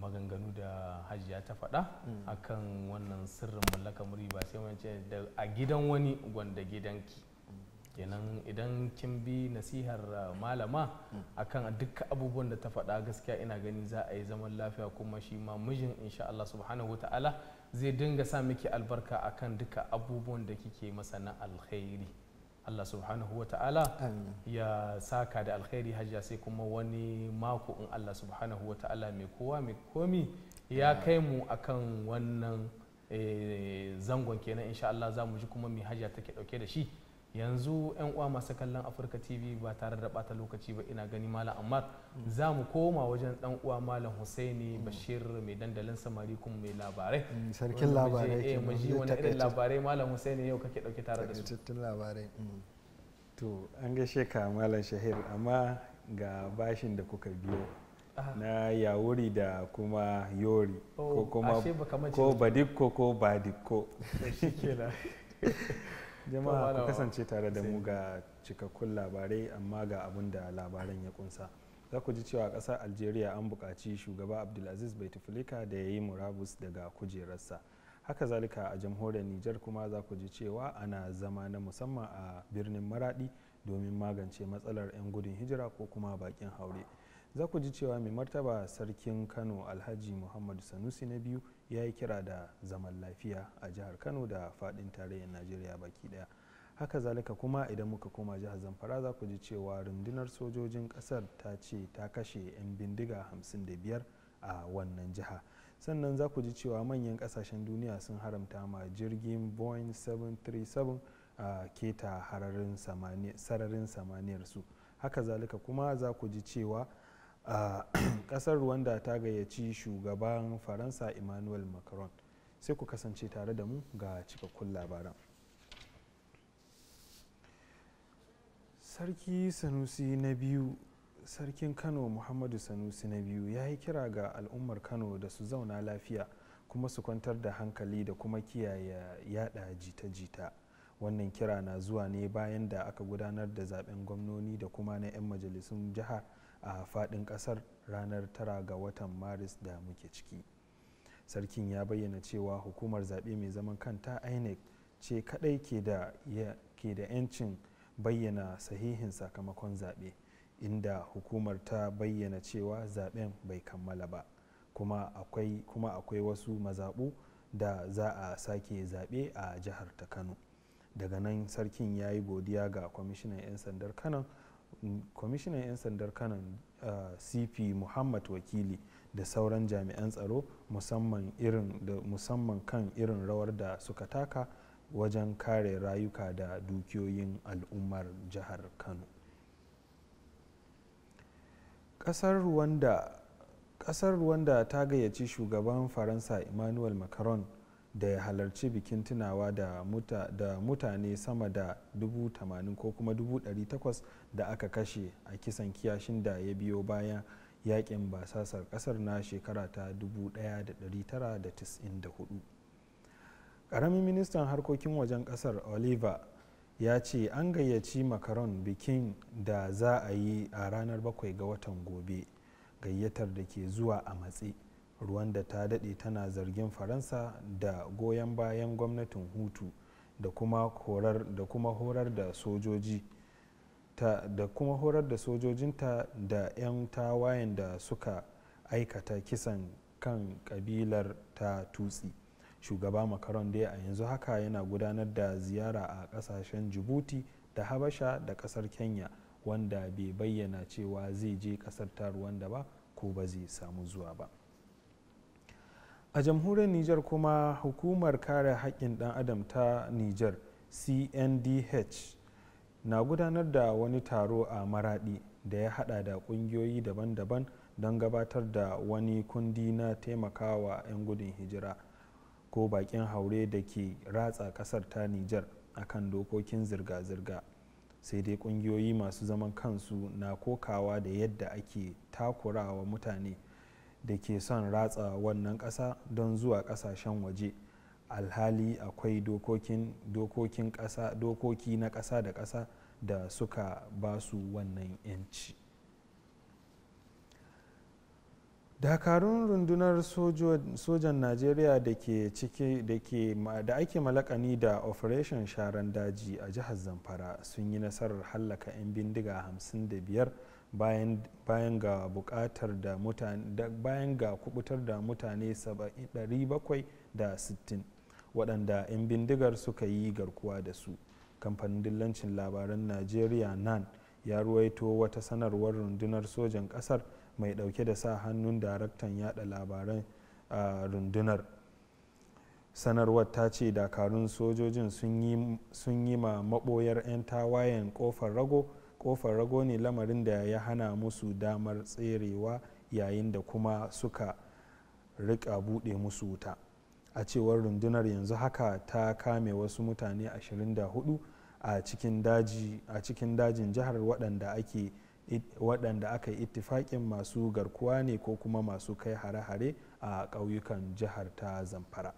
maganganu da hajiya ta faɗa mm. kan wannan sirrin mallakar muri ba sai wance da a gidan wani gwanda gidanki mm. kenan idan kin bi nasihar ah, malama mm. akan duka abubuwan da ta faɗa gaskiya ina ganin za a yi zaman lafiya kuma shi ma mijin insha Allah subhanahu wa ta'ala zai dinga sa miki albarka akan duka abubuwan da kike masa na alkhairi Allah subhanahu wa ta'ala ya saka da alkhairi hajja sai kuma wani mako in Allah subhanahu wa ta'ala mai kowa mai komi ya kai mu akan wannan eh, zangon kenan insha Allah za mu ji kuma mai hajja take dauke da shi yanzu 'yan uwa masu kallon afirka tv ba tare da bata lokaci ba ina gani malam ammar za mu koma wajen dan uwa malam husaini bashir mai dandalin samari kuma mai labarai mm, sarkin labarai eh mu ji wani irin labarai malam husaini yau kake dauke tare da su labarai mm. to an gaishe ka malam shahir amma ga bashin da kuka biyo na yawuri da kuma yori oh, ko kuma ko badikko ko badikko jama'a ku kasance tare da mu ga cikakkun labarai amma ga abun da labaran ya kunsa za ku ji cewa ƙasar algeria an buƙaci shugaba abdulaziz baitifilika da ya yi murabus daga kujerarsa haka zalika a jamhuriyar niger kuma za ku ji cewa ana zama na musamman a birnin maradi domin magance matsalar 'yan gudun hijira ko kuma bakin haure za ku ji cewa mai martaba sarkin kano alhaji muhammadu sanusi na biyu ya yi kira da zaman lafiya a jihar kano da fadin tarayyar najeriya baki daya haka zalika kuma idan muka koma jihar zamfara za ku ji cewa rundunar sojojin kasar ta ce ta kashe 'yan bindiga 55 a wannan jiha sannan za ku ji cewa manyan kasashen duniya sun haramta ma jirgin boeing 737 a keta sararin samaniyar su haka zalika kuma za ku ji cewa A kasar rwanda ta gayyaci shugaban faransa emmanuel macron sai ku kasance tare da mu ga cikakkun labaran sarki sanusi na biyu sarkin kano muhammadu sanusi na biyu ya yi kira ga al'ummar kano da su zauna lafiya kuma su kwantar da hankali da kuma kiyaye yada jita-jita wannan kira na zuwa ne bayan da aka gudanar da zaben gwamnoni da kuma na 'yan majalisun jihar a faɗin ƙasar ranar tara ga watan maris da muke ciki sarkin ya bayyana cewa hukumar zaɓe mai zaman kanta inec ce kaɗai ke da 'yancin bayyana sahihin sakamakon zaɓe inda hukumar ta bayyana cewa zaɓen bai kammala ba kuma akwai, kuma akwai wasu mazaɓu da za a sake zaɓe a jihar ta kano daga nan sarkin ya yi godiya ga kwamishinan 'yan sandar kano kwamishinan 'yan sandar kanan cp muhammad wakili da sauran jami'an tsaro musamman kan irin rawar da suka taka wajen kare rayuka da dukiyoyin al'ummar jihar kano ƙasar kasar rwanda ta gayyaci shugaban faransa emmanuel macron da ya halarci bikin tunawa da, muta, da mutane sama da 80,000 ko kuma 800 da aka kashe a kisan kiyashin da ya biyo bayan yakin basasar kasar na shekara ta 1994 ƙaramin ministan harkokin wajen kasar oliver ya ce an gayyaci makaron bikin da za a yi a ranar 7 ga watan gobe gayyatar da ke zuwa a matse ruwan da ta daɗe tana zargin faransa da goyon bayan gwamnatin hutu da kuma horar da sojoji ta da kuma horar da sojojinta da 'yan tawayen da suka aikata kisan kan kabilar ta tutsi shugaba macron dai a yanzu haka yana gudanar da ziyara a kasashen jibuti da habasha da kasar kenya wanda bai bayyana cewa zai je kasar ta da ba ko ba zai samu zuwa ba a jamhuriyar niger kuma hukumar kare haƙƙin ɗan adam ta niger cndh na gudanar da wani taro a maradi da ya hada da ƙungiyoyi daban-daban don gabatar da wani kundi na taimakawa 'yan gudun hijira ko bakin haure da ke ratsa kasar ta niger akan dokokin zirga-zirga sai dai ƙungiyoyi masu zaman kansu na kokawa da yadda ake takurawa mutane da ke son ratsa wannan ƙasa don zuwa ƙasashen waje alhali akwai dokokin dokoki na ƙasa da ƙasa da suka ba su wannan 'yanci dakarun rundunar sojan najeriya da ke da ake malakani da operation sharan daji a jihar zamfara sun yi nasarar hallaka 'yan bindiga 55 bayan ga bukatar da mutane bayan ga kubutar da mutane 760 waɗanda 'yan bindigar suka yi garkuwa da su kamfanin dillancin labaran najeriya nan ya ruwaito wata sanarwar rundunar sojan ƙasar mai ɗauke da sa hannun daraktan yada labaran rundunar sanarwar ta ce dakarun sojojin sun yi ma maɓoyar 'yan tawayen ƙofar rago kofar rago ne lamarin da ya hana musu damar tserewa yayin da kuma suka rika buɗe musu wuta a cewar rundunar yanzu haka ta kame wasu mutane 24 a cikin dajin jihar waɗanda ake waɗanda aka yi ittifaƙin masu garkuwa ne ko kuma masu kai hare-hare a ƙauyukan jihar ta zamfara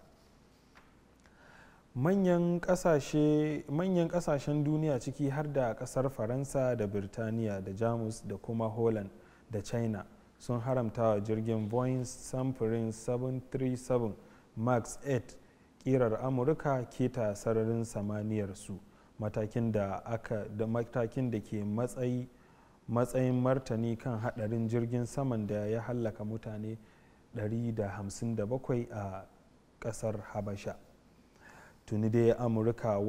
manyan kasashen duniya ciki har da kasar faransa da birtaniya da jamus da kuma holland da china sun haramta wa jirgin boeing samfurin 737 max 8 kirar amurka keta sararin samaniyar su matakin da aka da matakin da ke matsayi matsayin martani kan hadarin jirgin saman da ya hallaka mutane 157 a kasar habasha tuni dai amurka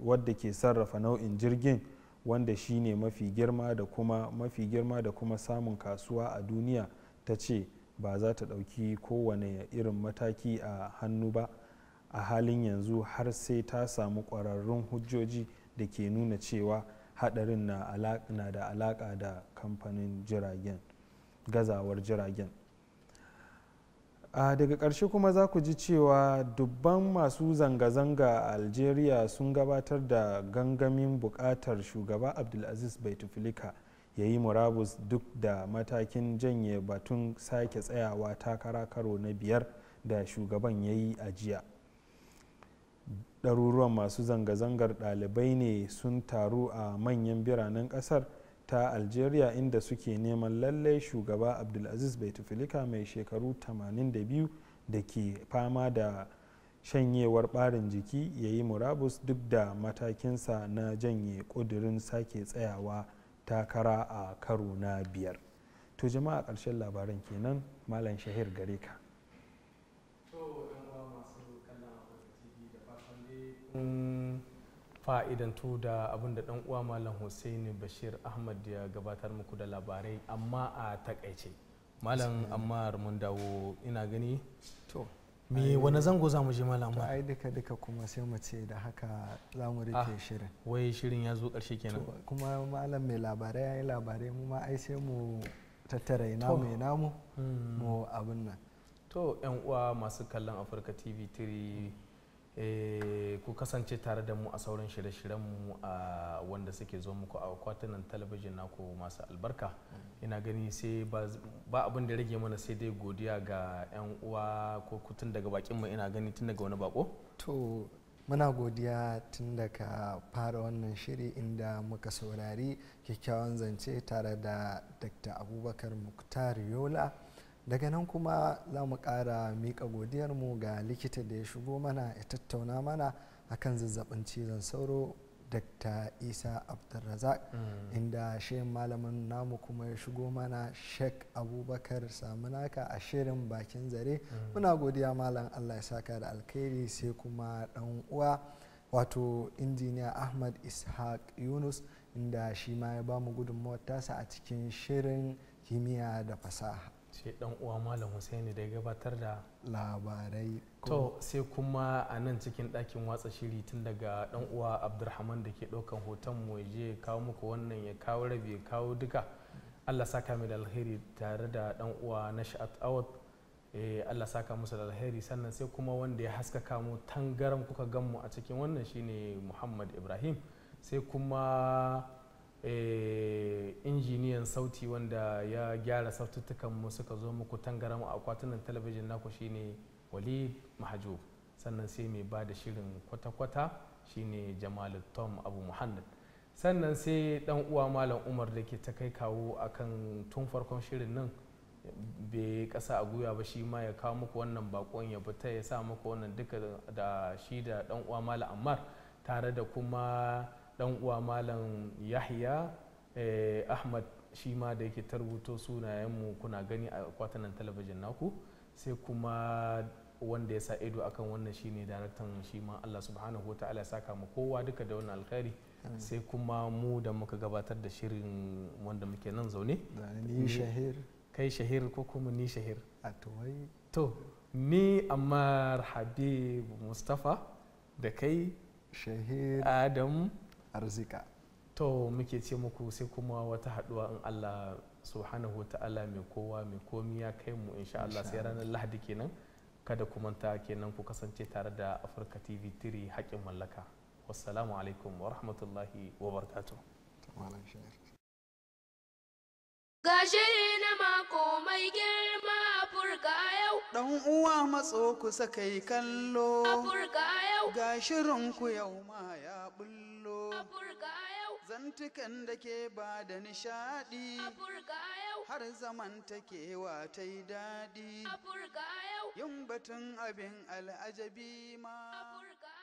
wadda ke sarrafa nau'in jirgin wanda shine mafi girma da kuma mafi girma da kuma samun kasuwa a duniya ta ce ba za ta ɗauki kowane irin mataki a hannu ba a halin yanzu har sai ta samu ƙwararrun hujjoji da ke nuna cewa haɗarin na da alaƙa da kamfanin jiragen gazawar jiragen daga ƙarshe kuma za ku ji cewa dubban masu zanga-zanga a algeria sun gabatar da gangamin buƙatar shugaba abdulaziz baitufilika ya yi murabus duk da matakin janye batun sake tsayawa takara karo na biyar da shugaban ya yi ajiya. jiya ɗaruruwan masu zanga-zangar ɗalibai ne sun taru a manyan biranen ƙasar ta algeria inda suke neman lallai shugaba abdulaziz baitufilika mai shekaru 82 da ke fama da shanyewar barin jiki ya yi murabus duk da matakinsa na janye ƙudurin sake tsayawa takara a karo na biyar to jama'a ƙarshen labaran kenan malam shahir gare ka fa'idantu da abin da dan uwa malam Hussaini Bashir Ahmad ya gabatar muku da labarai amma a takaice malam amma mun dawo ina gani to me wani zango za mu je malam to ai duka duka kuma sai mu ce da haka za mu rike ah, shirin wai shirin ya zo karshe kenan kuma malam mai labarai ya yi labarai mu ma ai sai mu tattara ina mai namu hmm. mu abin nan to yan uwa masu kallon Afirka TV 3 Eh, ku kasance tare da mu a sauran shirye shiryen mu a wanda suke zo muku a kwatunan talabijin naku masu albarka ina gani sai ba abin da rage mana sai dai godiya ga 'yan uwa ko tun daga bakinmu ina gani tun daga wani bako to muna godiya tun daga fara wannan shiri inda muka saurari kyakkyawan zance tare da dr abubakar muktar yola daga nan kuma za mu mika miƙa godiyarmu ga likita da ya shigo mana ya tattauna mana akan zazzabin cizon sauro dr isa abdulrazak mm. inda shayin malamin namu kuma ya shigo mana sheik abubakar samunaka a shirin bakin zare mm. muna godiya malam allah ya saka da alkhairi sai kuma dan uwa wato injiniya ahmad ishaq yunus inda shi ma ya bamu gudunmawar tasa a cikin shirin kimiyya da fasaha shi dan uwa malam husaini da ya gabatar da labarai to sai kuma a nan cikin ɗakin watsa shiri tun daga dan uwa Abdulrahman da ke ɗaukan hoton mu je kawo muku wannan ya kawo rabi ya kawo duka Allah saka mai da alheri tare da dan uwa na sha'at Awad eh, Allah saka musu da alheri sannan sai kuma wanda ya haskaka mu tangaran kuka gan mu a cikin wannan shine Muhammad Ibrahim sai kuma Eh, injiniyan sauti wanda ya gyara mu suka zo muku tangaramu a kwatunan talabijin naku shine walid mahajo sannan sai mai ba da shirin kwata-kwata shine jamalu tom abu muhammad sannan sai dan uwa malam umar da ke ta kai kawo kan tun farkon shirin nan bai kasa a guya ba shi ma ya kawo muku wannan bakon ya fita ya sa muku wannan duka da shi da dan uwa malam ammar tare da kuma dan uwa malam yahya eh, ahmad shi ma da yake tarbuto sunayenmu kuna gani a kwatanan talabijin naku sai kuma wanda ya sa ido akan wannan shine daraktan shi ma Allah subhanahu ta'ala ya saka mu kowa duka da wannan alkhairi sai kuma mu da muka gabatar da shirin wanda muke nan zaune ni shahir kai shahir ko kuma ni shahir to ni amma Habib Mustafa da kai shahir Adam arzika to muke ce muku sai kuma wata haduwa in Allah subhanahu ta'ala mai kowa mai komi ya kai mu insha Allah sai ranar Lahadi kenan kada ku manta kenan ku kasance tare da Africa TV 3 haƙin mallaka wassalamu alaikum wa rahmatullahi wa barakatuh Gashiri na mako mai girma Afirka yau. Ɗan uwa matso ku kai kallo. yau. Ga shirin ku yau ma ya bullo. Afirka yau. Zantukan da ke ba da nishaɗi. Afirka yau. Har zaman takewa ta yi daɗi. yau. Yin batun abin al'ajabi ma.